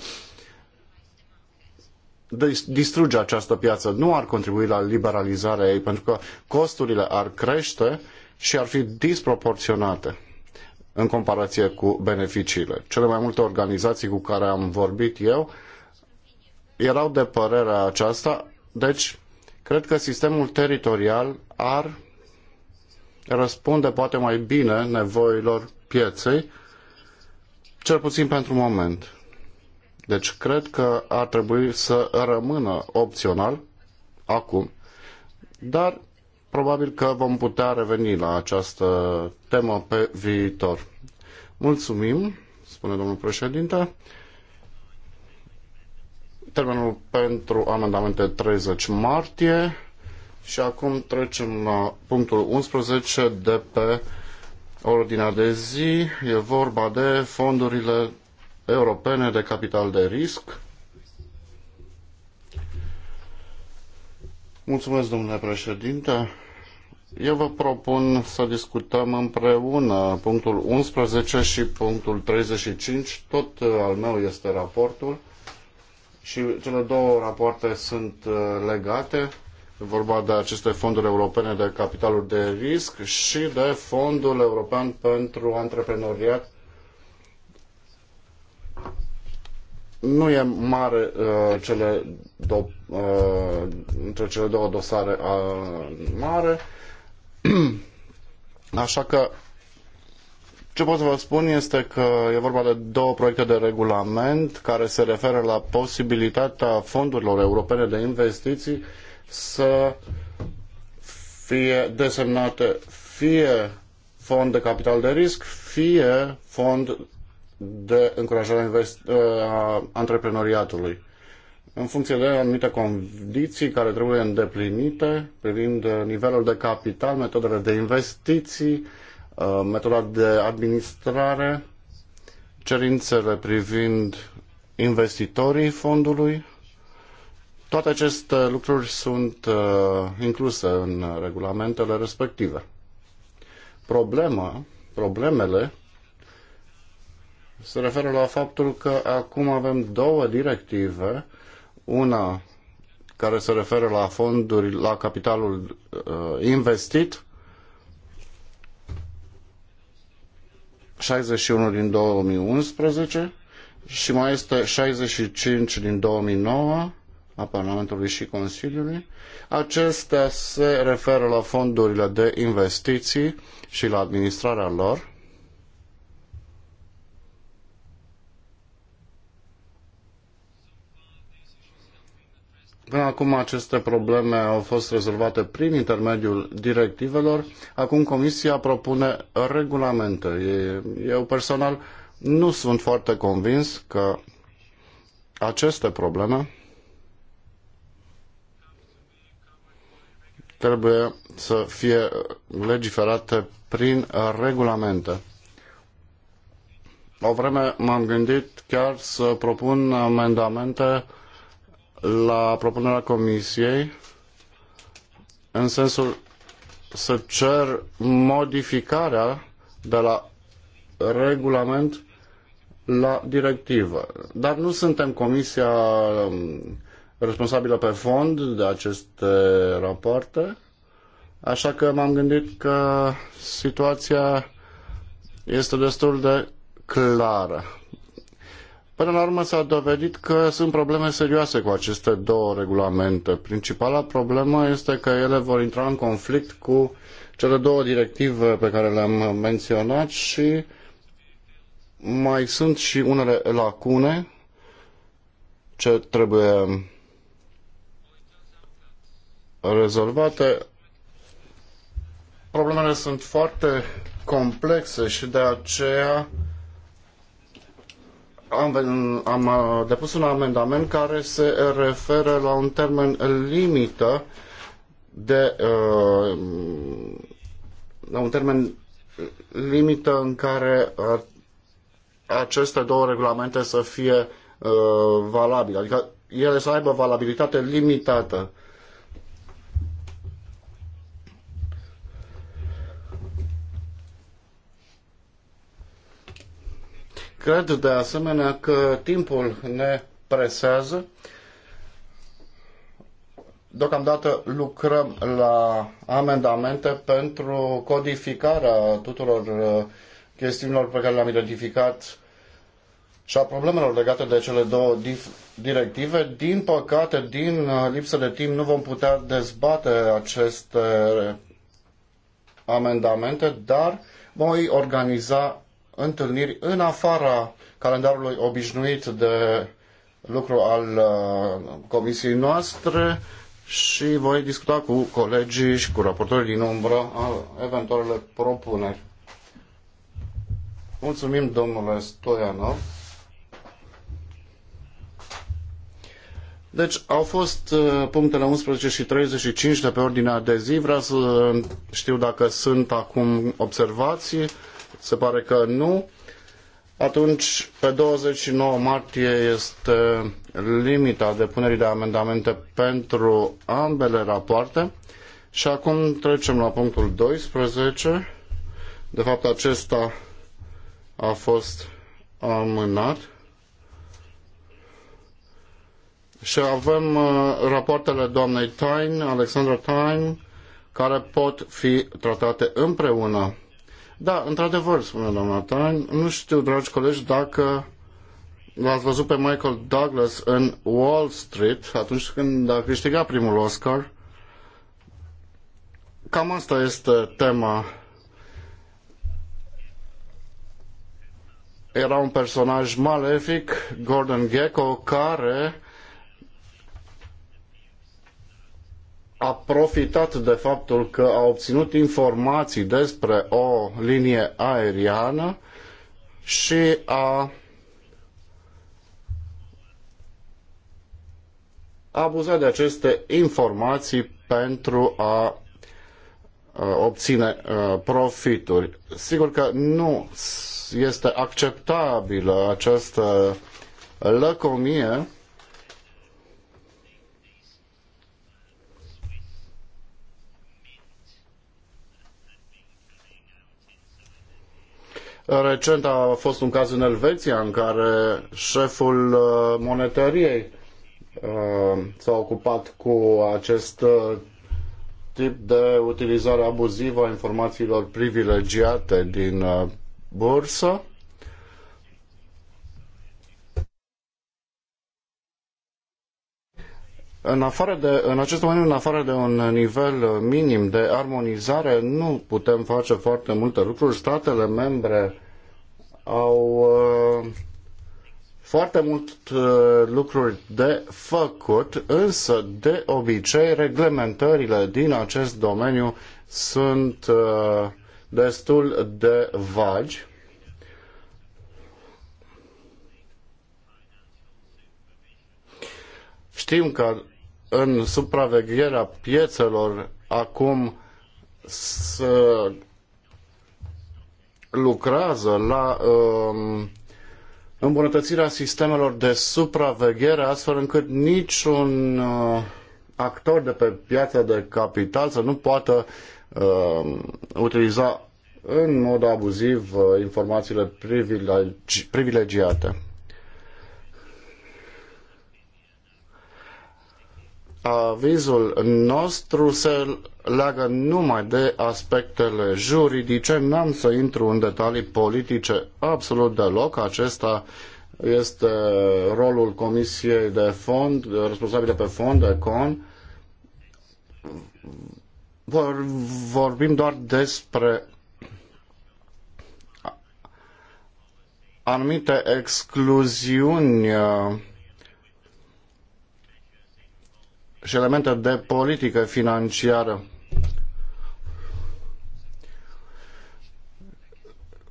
distruge această piață, nu ar contribui la liberalizarea ei, pentru că costurile ar crește și ar fi disproporționate în comparație cu beneficiile. Cele mai multe organizații cu care am vorbit eu erau de părerea aceasta, deci cred că sistemul teritorial ar răspunde poate mai bine nevoilor pieței, cel puțin pentru moment. Deci cred că ar trebui să rămână opțional acum, dar probabil că vom putea reveni la această temă pe viitor. Mulțumim, spune domnul președinte. Termenul pentru amendamente 30 martie și acum trecem la punctul 11 de pe ordinea de zi. E vorba de fondurile europene de capital de risc. Mulțumesc, domnule președinte. Eu vă propun să discutăm împreună punctul 11 și punctul 35. Tot uh, al meu este raportul și cele două rapoarte sunt uh, legate. E vorba de aceste fonduri europene de capitaluri de risc și de Fondul European pentru Antreprenoriat nu e mare uh, cele do, uh, între cele două dosare uh, mare. Așa că ce pot să vă spun este că e vorba de două proiecte de regulament care se referă la posibilitatea fondurilor europene de investiții să fie desemnate fie fond de capital de risc, fie fond de încurajare uh, a antreprenoriatului în funcție de anumite condiții care trebuie îndeplinite privind nivelul de capital, metodele de investiții, uh, metoda de administrare, cerințele privind investitorii fondului. Toate aceste lucruri sunt uh, incluse în regulamentele respective. Problema, problemele se referă la faptul că acum avem două directive, una care se referă la fonduri, la capitalul uh, investit, 61 din 2011 și mai este 65 din 2009 a Parlamentului și Consiliului. Acestea se referă la fondurile de investiții și la administrarea lor. Până da, acum aceste probleme au fost rezolvate prin intermediul directivelor. Acum Comisia propune regulamente. Eu personal nu sunt foarte convins că aceste probleme trebuie să fie legiferate prin regulamente. O vreme m-am gândit chiar să propun amendamente la propunerea Comisiei în sensul să cer modificarea de la regulament la directivă. Dar nu suntem comisia um, responsabilă pe fond de aceste rapoarte, așa că m-am gândit că situația este destul de clară. Până la urmă s-a dovedit că sunt probleme serioase cu aceste două regulamente. Principala problemă este că ele vor intra în conflict cu cele două directive pe care le-am menționat și mai sunt și unele lacune ce trebuie rezolvate. Problemele sunt foarte complexe și de aceea am, am depus un amendament care se referă la un termen limită de uh, la un termen limită în care aceste două regulamente să fie uh, valabile, adică ele să aibă valabilitate limitată. Uh, Cred de asemenea că timpul ne presează. Deocamdată lucrăm la amendamente pentru codificarea tuturor uh, chestiunilor pe care le-am identificat și a problemelor legate de cele două directive. Din păcate, din uh, lipsă de timp, nu vom putea dezbate aceste amendamente, dar voi organiza întâlniri în afara calendarului obișnuit de lucru al uh, comisiei noastre și voi discuta cu colegii și cu raportorii din umbră eventualele propuneri. Mulțumim, domnule Stoianov. Deci au fost uh, punctele 11 și 35 de pe ordinea de zi. Vreau să știu dacă sunt acum observații. Se pare că nu. Atunci, pe 29 martie este limita depunerii de amendamente pentru ambele rapoarte. Și acum trecem la punctul 12. De fapt, acesta a fost amânat. Și avem uh, rapoartele doamnei Tain, Alexandra Tain, care pot fi tratate împreună. Da, într-adevăr, spune doamna Tain, nu știu, dragi colegi, dacă l-ați văzut pe Michael Douglas în Wall Street atunci când a câștigat primul Oscar. Cam asta este tema. Era un personaj malefic, Gordon Gecko, care a profitat de faptul că a obținut informații despre o linie aeriană și a abuzat de aceste informații pentru a obține profituri. Sigur că nu este acceptabilă această lăcomie Recent a fost un caz în Elveția în care șeful uh, monetăriei uh, s-a ocupat cu acest uh, tip de utilizare abuzivă a informațiilor privilegiate din bursă. În, afară de, în acest domeniu, în afară de un nivel minim de armonizare, nu putem face foarte multe lucruri. Statele membre au uh, foarte mult uh, lucruri de făcut, însă de obicei reglementările din acest domeniu sunt uh, destul de vagi Știm că în supravegherea piețelor acum să lucrează la um, îmbunătățirea sistemelor de supraveghere astfel încât niciun uh, actor de pe piața de capital să nu poată uh, utiliza în mod abuziv uh, informațiile privilegi privilegiate. Avizul nostru se leagă numai de aspectele juridice, n-am să intru în detalii politice absolut deloc. Acesta este rolul Comisiei de Fond, responsabile pe fond, de con. Vor, vorbim doar despre anumite excluziuni uh, și elemente de politică financiară.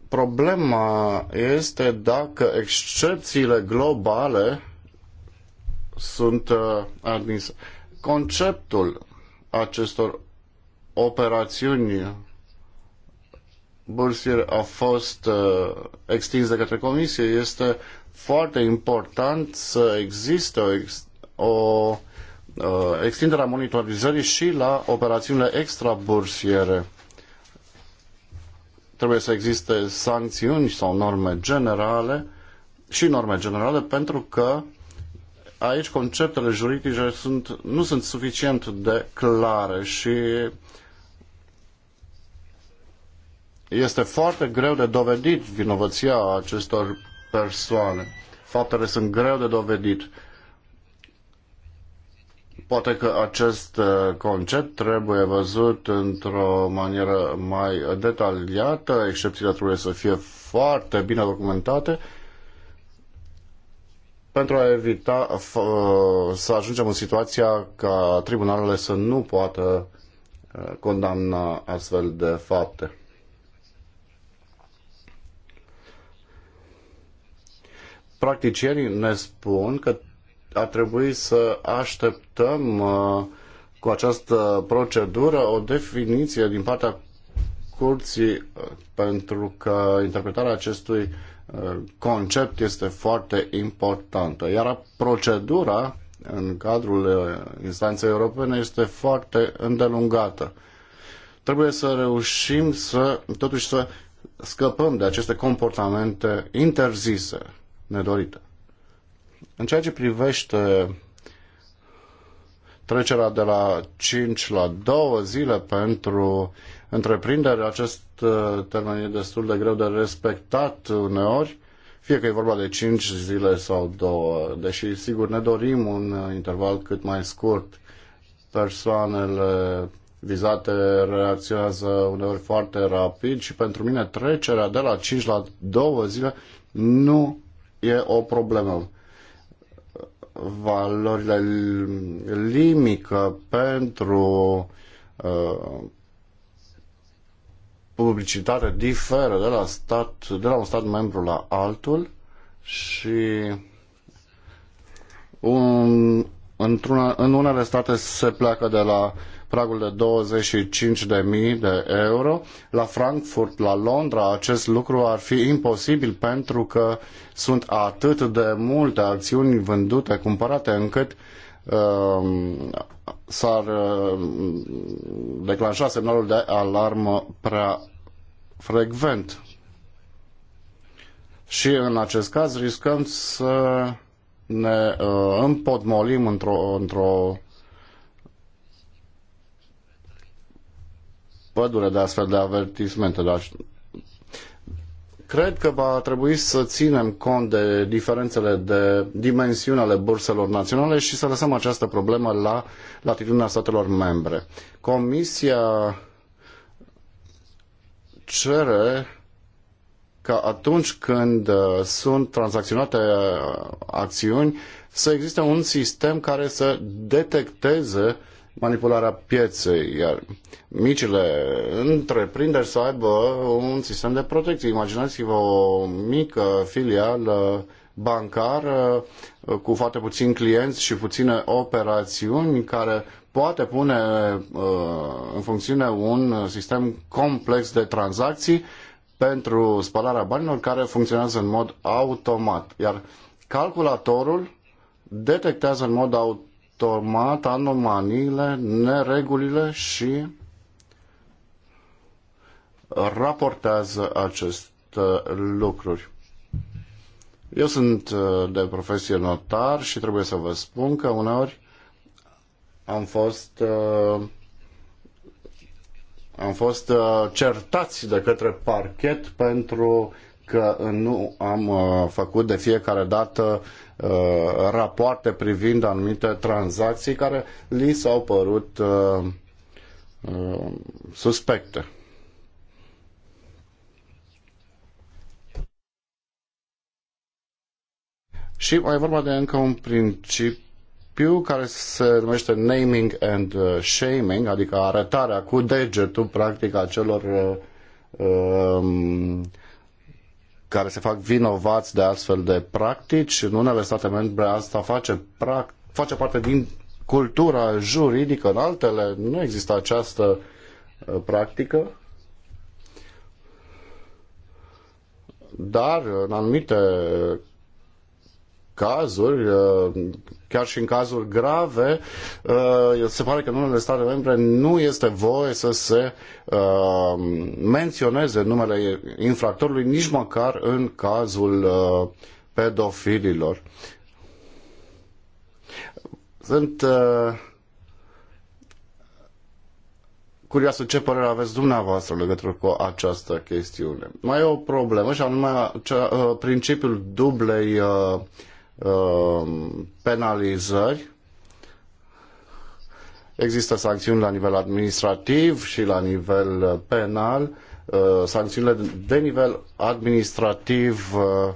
Problema este dacă excepțiile globale sunt uh, admise. Conceptul acestor operațiuni bursiere a fost uh, extins de către comisie, este foarte important să existe o, o Uh, extinderea monitorizării și la operațiunile extrabursiere. Trebuie să existe sancțiuni sau norme generale și norme generale pentru că aici conceptele juridice sunt, nu sunt suficient de clare și este foarte greu de dovedit vinovăția acestor persoane. Faptele sunt greu de dovedit. Poate că acest uh, concept trebuie văzut într-o manieră mai detaliată, excepțiile trebuie să fie foarte bine documentate pentru a evita uh, să ajungem în situația ca tribunalele să nu poată uh, condamna astfel de fapte. Practicienii ne spun că ar trebui să așteptăm uh, cu această procedură o definiție din partea curții, uh, pentru că interpretarea acestui uh, concept este foarte importantă. Iar procedura în cadrul instanței europene este foarte îndelungată. Trebuie să reușim să, totuși, să scăpăm de aceste comportamente interzise, nedorite. În ceea ce privește trecerea de la 5 la 2 zile pentru întreprindere, acest uh, termen e destul de greu de respectat uneori, fie că e vorba de 5 zile sau 2, deși sigur ne dorim un uh, interval cât mai scurt. Persoanele vizate reacționează uneori foarte rapid și pentru mine trecerea de la 5 la 2 zile nu e o problemă valorile limică pentru uh, publicitate diferă de la, stat, de la un stat membru la altul și un, într-una, în unele state se pleacă de la pragul de 25.000 de euro. La Frankfurt, la Londra, acest lucru ar fi imposibil pentru că sunt atât de multe acțiuni vândute, cumpărate, încât uh, s-ar uh, declanșa semnalul de alarmă prea frecvent. Și în acest caz riscăm să ne uh, împotmolim într-o, într-o pădure de astfel de avertismente, dar cred că va trebui să ținem cont de diferențele de dimensiune ale burselor naționale și să lăsăm această problemă la latitudinea statelor membre. Comisia cere ca atunci când uh, sunt tranzacționate uh, acțiuni să existe un sistem care să detecteze uh, manipularea pieței, iar micile întreprinderi să aibă un sistem de protecție. Imaginați-vă o mică filială bancară uh, cu foarte puțini clienți și puține operațiuni care poate pune uh, în funcțiune un sistem complex de tranzacții pentru spălarea banilor care funcționează în mod automat. Iar calculatorul detectează în mod automat tomat anomaliile, neregulile și raportează aceste uh, lucruri. Eu sunt uh, de profesie notar și trebuie să vă spun că uneori am fost uh, am fost certați de către parchet pentru că nu am uh, făcut de fiecare dată uh, rapoarte privind anumite tranzacții care li s-au părut uh, suspecte. Și mai e vorba de încă un principiu care se numește naming and shaming, adică arătarea cu degetul, practic, a celor uh, um, care se fac vinovați de astfel de practici. În unele state membre asta face, face parte din cultura juridică, în altele nu există această uh, practică. Dar în anumite cazuri, uh, chiar și în cazuri grave, uh, se pare că în unele state membre nu este voie să se uh, menționeze numele infractorului nici măcar în cazul pedofililor. Sunt curioasă ce părere aveți dumneavoastră legătură cu această chestiune. Mai e o problemă și anume cea, principiul dublei Um, penalizări. Există sancțiuni la nivel administrativ și la nivel uh, penal. Uh, sancțiunile de nivel administrativ uh,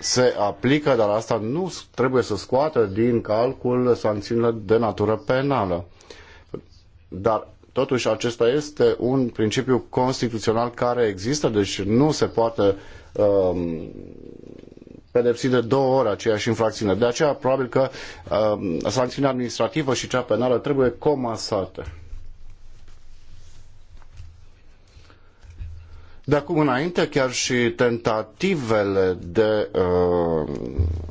se aplică, dar asta nu trebuie să scoată din calcul sancțiunile de natură penală. Dar totuși acesta este un principiu constituțional care există, deci nu se poate um, pedepsit de două ori aceeași infracțiune. De aceea, probabil că uh, sancțiunea administrativă și cea penală trebuie comasate. De acum înainte, chiar și tentativele de uh,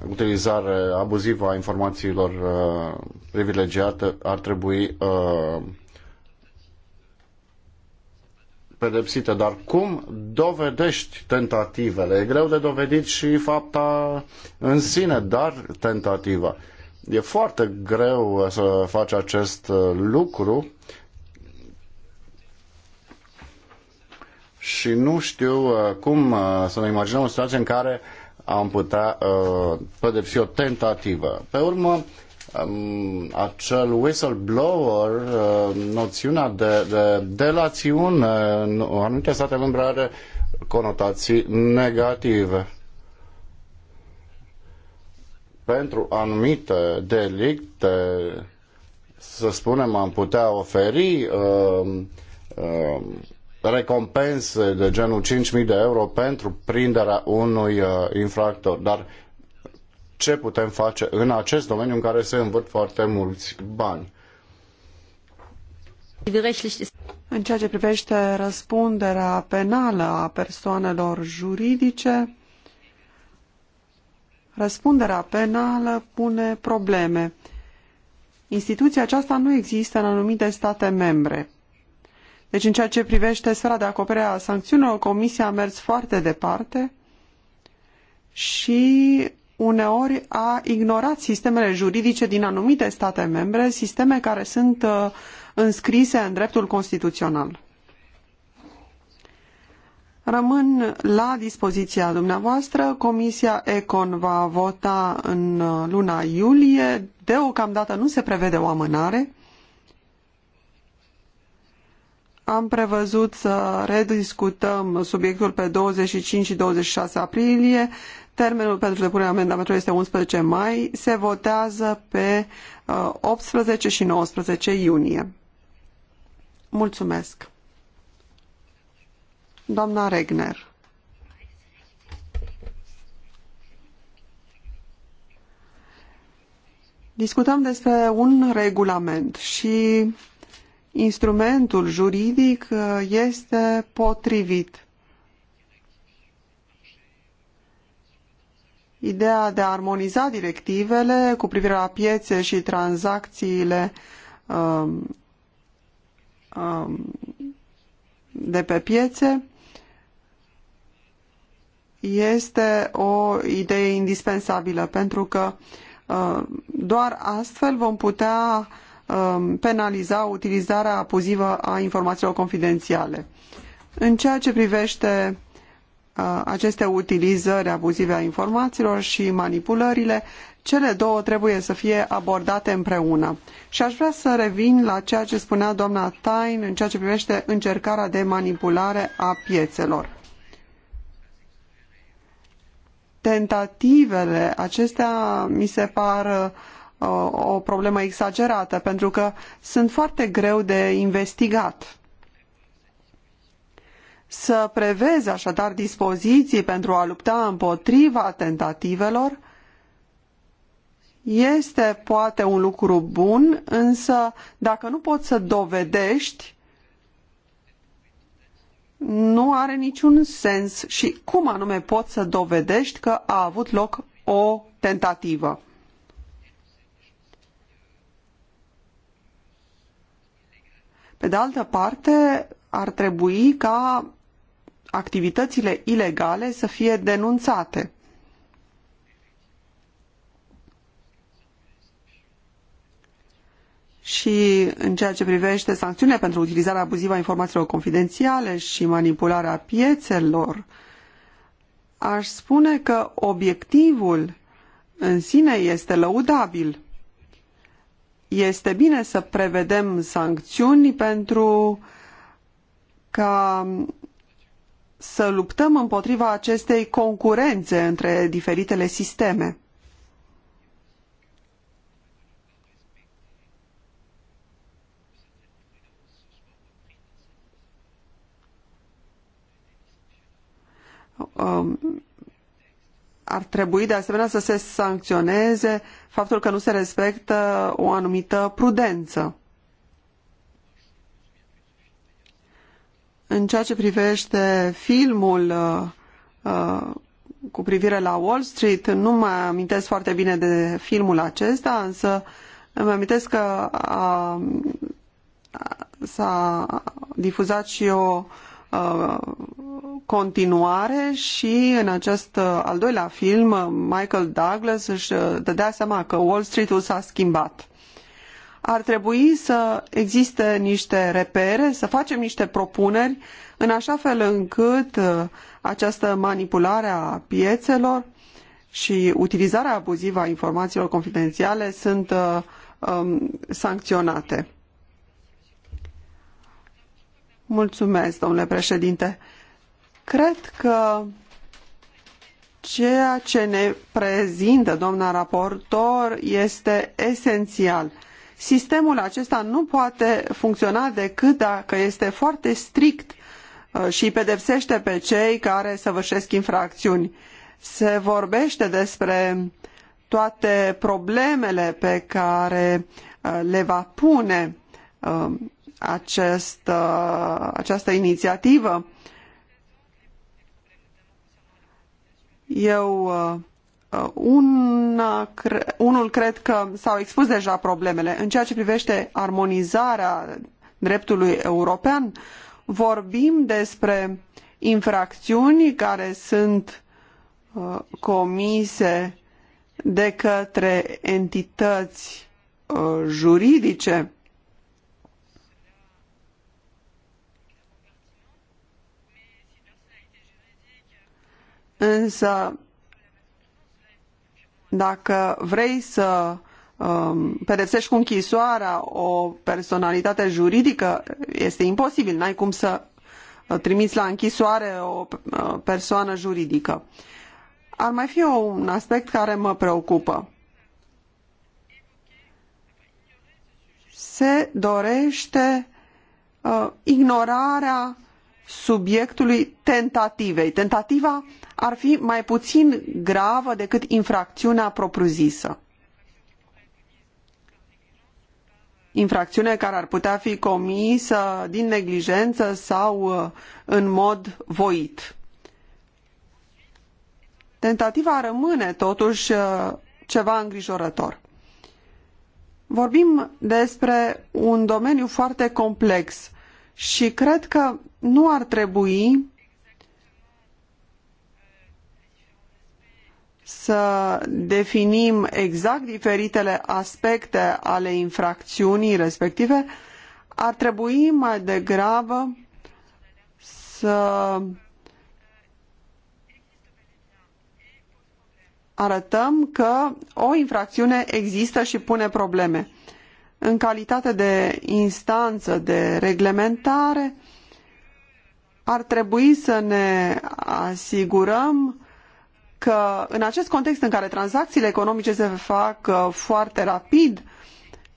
utilizare abuzivă a informațiilor uh, privilegiate ar trebui uh, pedepsită, dar cum dovedești tentativele? E greu de dovedit și fapta în sine, dar tentativa. E foarte greu să faci acest lucru și nu știu uh, cum uh, să ne imaginăm o situație în care am putea uh, pedepsi o tentativă. Pe urmă, Um, acel whistleblower, um, noțiunea de, de delațiune în anumite state membre are conotații negative. Pentru anumite delicte, să spunem, am putea oferi uh, uh, recompense de genul 5.000 de euro pentru prinderea unui uh, infractor. Dar ce putem face în acest domeniu în care se învârt foarte mulți bani. În ceea ce privește răspunderea penală a persoanelor juridice, răspunderea penală pune probleme. Instituția aceasta nu există în anumite state membre. Deci, în ceea ce privește sfera de acoperire a sancțiunilor, Comisia a mers foarte departe și uneori a ignorat sistemele juridice din anumite state membre, sisteme care sunt uh, înscrise în dreptul constituțional. Rămân la dispoziția dumneavoastră. Comisia Econ va vota în uh, luna iulie. Deocamdată nu se prevede o amânare. Am prevăzut să rediscutăm subiectul pe 25 și 26 aprilie, Termenul pentru depunerea amendamentelor este 11 mai. Se votează pe 18 uh, și 19 iunie. Mulțumesc. Doamna Regner. Discutăm despre un regulament și instrumentul juridic uh, este potrivit. ideea de a armoniza directivele cu privire la piețe și tranzacțiile um, um, de pe piețe este o idee indispensabilă pentru că uh, doar astfel vom putea um, penaliza utilizarea abuzivă a informațiilor confidențiale. În ceea ce privește Uh, aceste utilizări abuzive a informațiilor și manipulările, cele două trebuie să fie abordate împreună. Și aș vrea să revin la ceea ce spunea doamna Tain în ceea ce privește încercarea de manipulare a piețelor. Tentativele acestea mi se par uh, o problemă exagerată, pentru că sunt foarte greu de investigat să preveze așadar dispoziții pentru a lupta împotriva tentativelor este poate un lucru bun, însă dacă nu poți să dovedești, nu are niciun sens și cum anume poți să dovedești că a avut loc o tentativă. Pe de altă parte, ar trebui ca activitățile ilegale să fie denunțate. Și în ceea ce privește sancțiunile pentru utilizarea abuzivă a informațiilor confidențiale și manipularea piețelor, aș spune că obiectivul în sine este lăudabil. Este bine să prevedem sancțiuni pentru ca să luptăm împotriva acestei concurențe între diferitele sisteme. Um, ar trebui de asemenea să se sancționeze faptul că nu se respectă o anumită prudență. În ceea ce privește filmul uh, uh, cu privire la Wall Street, nu mă amintesc foarte bine de filmul acesta, însă îmi amintesc că s-a difuzat și o a, uh, continuare și în acest al doilea film Michael Douglas își dădea seama că Wall Street-ul s-a schimbat ar trebui să existe niște repere, să facem niște propuneri în așa fel încât uh, această manipulare a piețelor și utilizarea abuzivă a informațiilor confidențiale sunt uh, um, sancționate. Mulțumesc, domnule președinte. Cred că ceea ce ne prezintă doamna raportor este esențial – Sistemul acesta nu poate funcționa decât dacă este foarte strict uh, și pedepsește pe cei care săvârșesc infracțiuni. Se vorbește despre toate problemele pe care uh, le va pune uh, acest, această inițiativă. Eu Uh, un, uh, unul cred că s-au expus deja problemele. În ceea ce privește armonizarea dreptului european, vorbim despre infracțiuni care sunt uh, comise de către entități juridice. Însă dacă vrei să um, pedepsești cu închisoarea o personalitate juridică, este imposibil. N-ai cum să uh, trimiți la închisoare o uh, persoană juridică. Ar mai fi un aspect care mă preocupă. Se dorește uh, ignorarea subiectului tentativei. Tentativa ar fi mai puțin gravă decât infracțiunea propriu-zisă. Infracțiune care ar putea fi comisă din neglijență sau uh, în mod voit. Tentativa rămâne totuși uh, ceva îngrijorător. Vorbim despre un domeniu foarte complex și cred că nu ar trebui să definim exact diferitele aspecte ale infracțiunii respective, ar trebui mai degrabă să arătăm că o infracțiune există și pune probleme. În calitate de instanță de reglementare, ar trebui să ne asigurăm că în acest context în care tranzacțiile economice se fac uh, foarte rapid,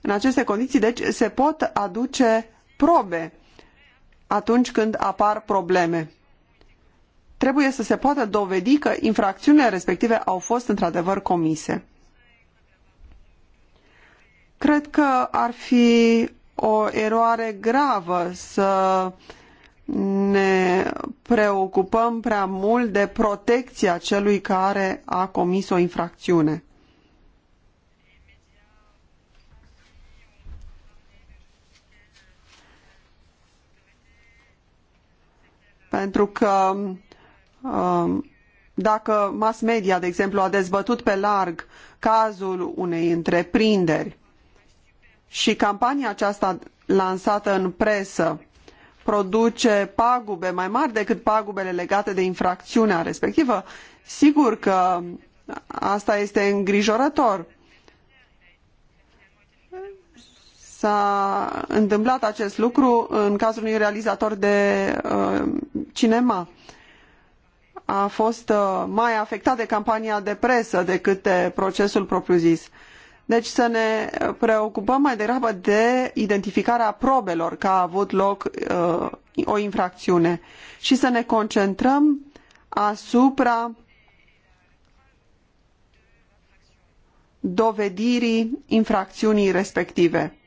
în aceste condiții, deci, se pot aduce probe atunci când apar probleme. Trebuie să se poată dovedi că infracțiunile respective au fost într-adevăr comise. Cred că ar fi o eroare gravă să uh, ne preocupăm prea mult de protecția celui care a comis o infracțiune. Pentru că um, dacă mass media, de exemplu, a dezbătut pe larg cazul unei întreprinderi și campania aceasta lansată în presă produce pagube mai mari decât pagubele legate de infracțiunea respectivă, sigur că asta este îngrijorător. S-a întâmplat acest lucru în cazul unui realizator de uh, cinema. A fost uh, mai afectat de campania de presă decât de procesul propriu-zis. Uh, deci să ne preocupăm mai degrabă de identificarea probelor că a avut loc uh, o infracțiune și să ne concentrăm asupra dovedirii infracțiunii respective.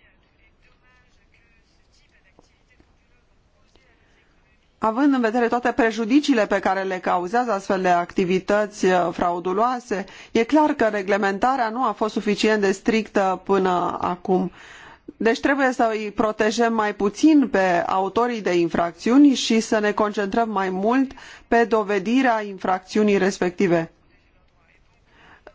având în vedere toate prejudiciile pe care le cauzează astfel de activități uh, frauduloase, e clar că reglementarea nu a fost suficient de strictă până acum. Deci trebuie să îi protejăm mai puțin pe autorii de infracțiuni și să ne concentrăm mai mult pe dovedirea infracțiunii respective.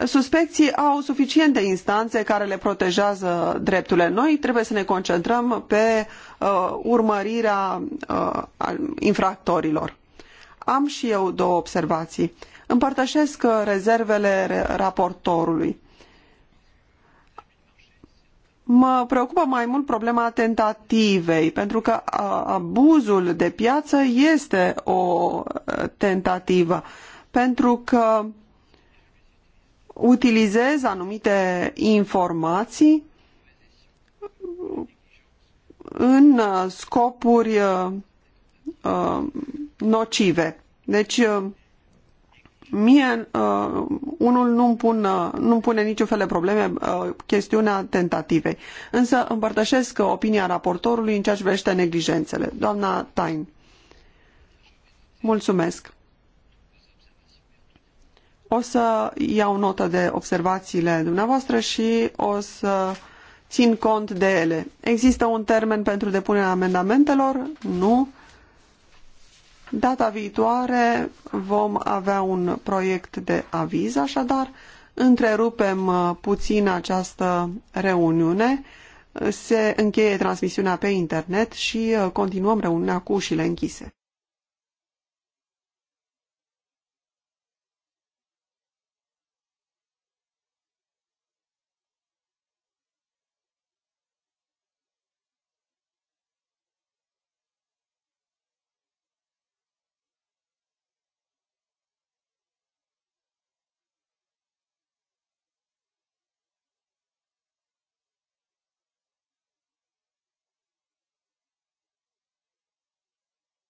Suspecții au suficiente instanțe care le protejează drepturile. Noi trebuie să ne concentrăm pe uh, urmărirea uh, infractorilor. Am și eu două observații. Împărtășesc uh, rezervele raportorului. Mă preocupă mai mult problema tentativei, pentru că uh, abuzul de piață este o uh, tentativă, pentru că utilizez anumite informații în uh, scopuri uh, uh, nocive. Deci, mie unul nu-mi, pun, nu-mi pune niciun fel de probleme chestiunea tentativei. Însă împărtășesc opinia raportorului în ceea ce privește neglijențele. Doamna Tain. Mulțumesc. O să iau notă de observațiile dumneavoastră și o să țin cont de ele. Există un termen pentru depunerea amendamentelor? Nu. Data viitoare vom avea un proiect de aviz, așadar întrerupem uh, puțin această reuniune. Se încheie transmisiunea pe internet și uh, continuăm reuniunea cu ușile închise.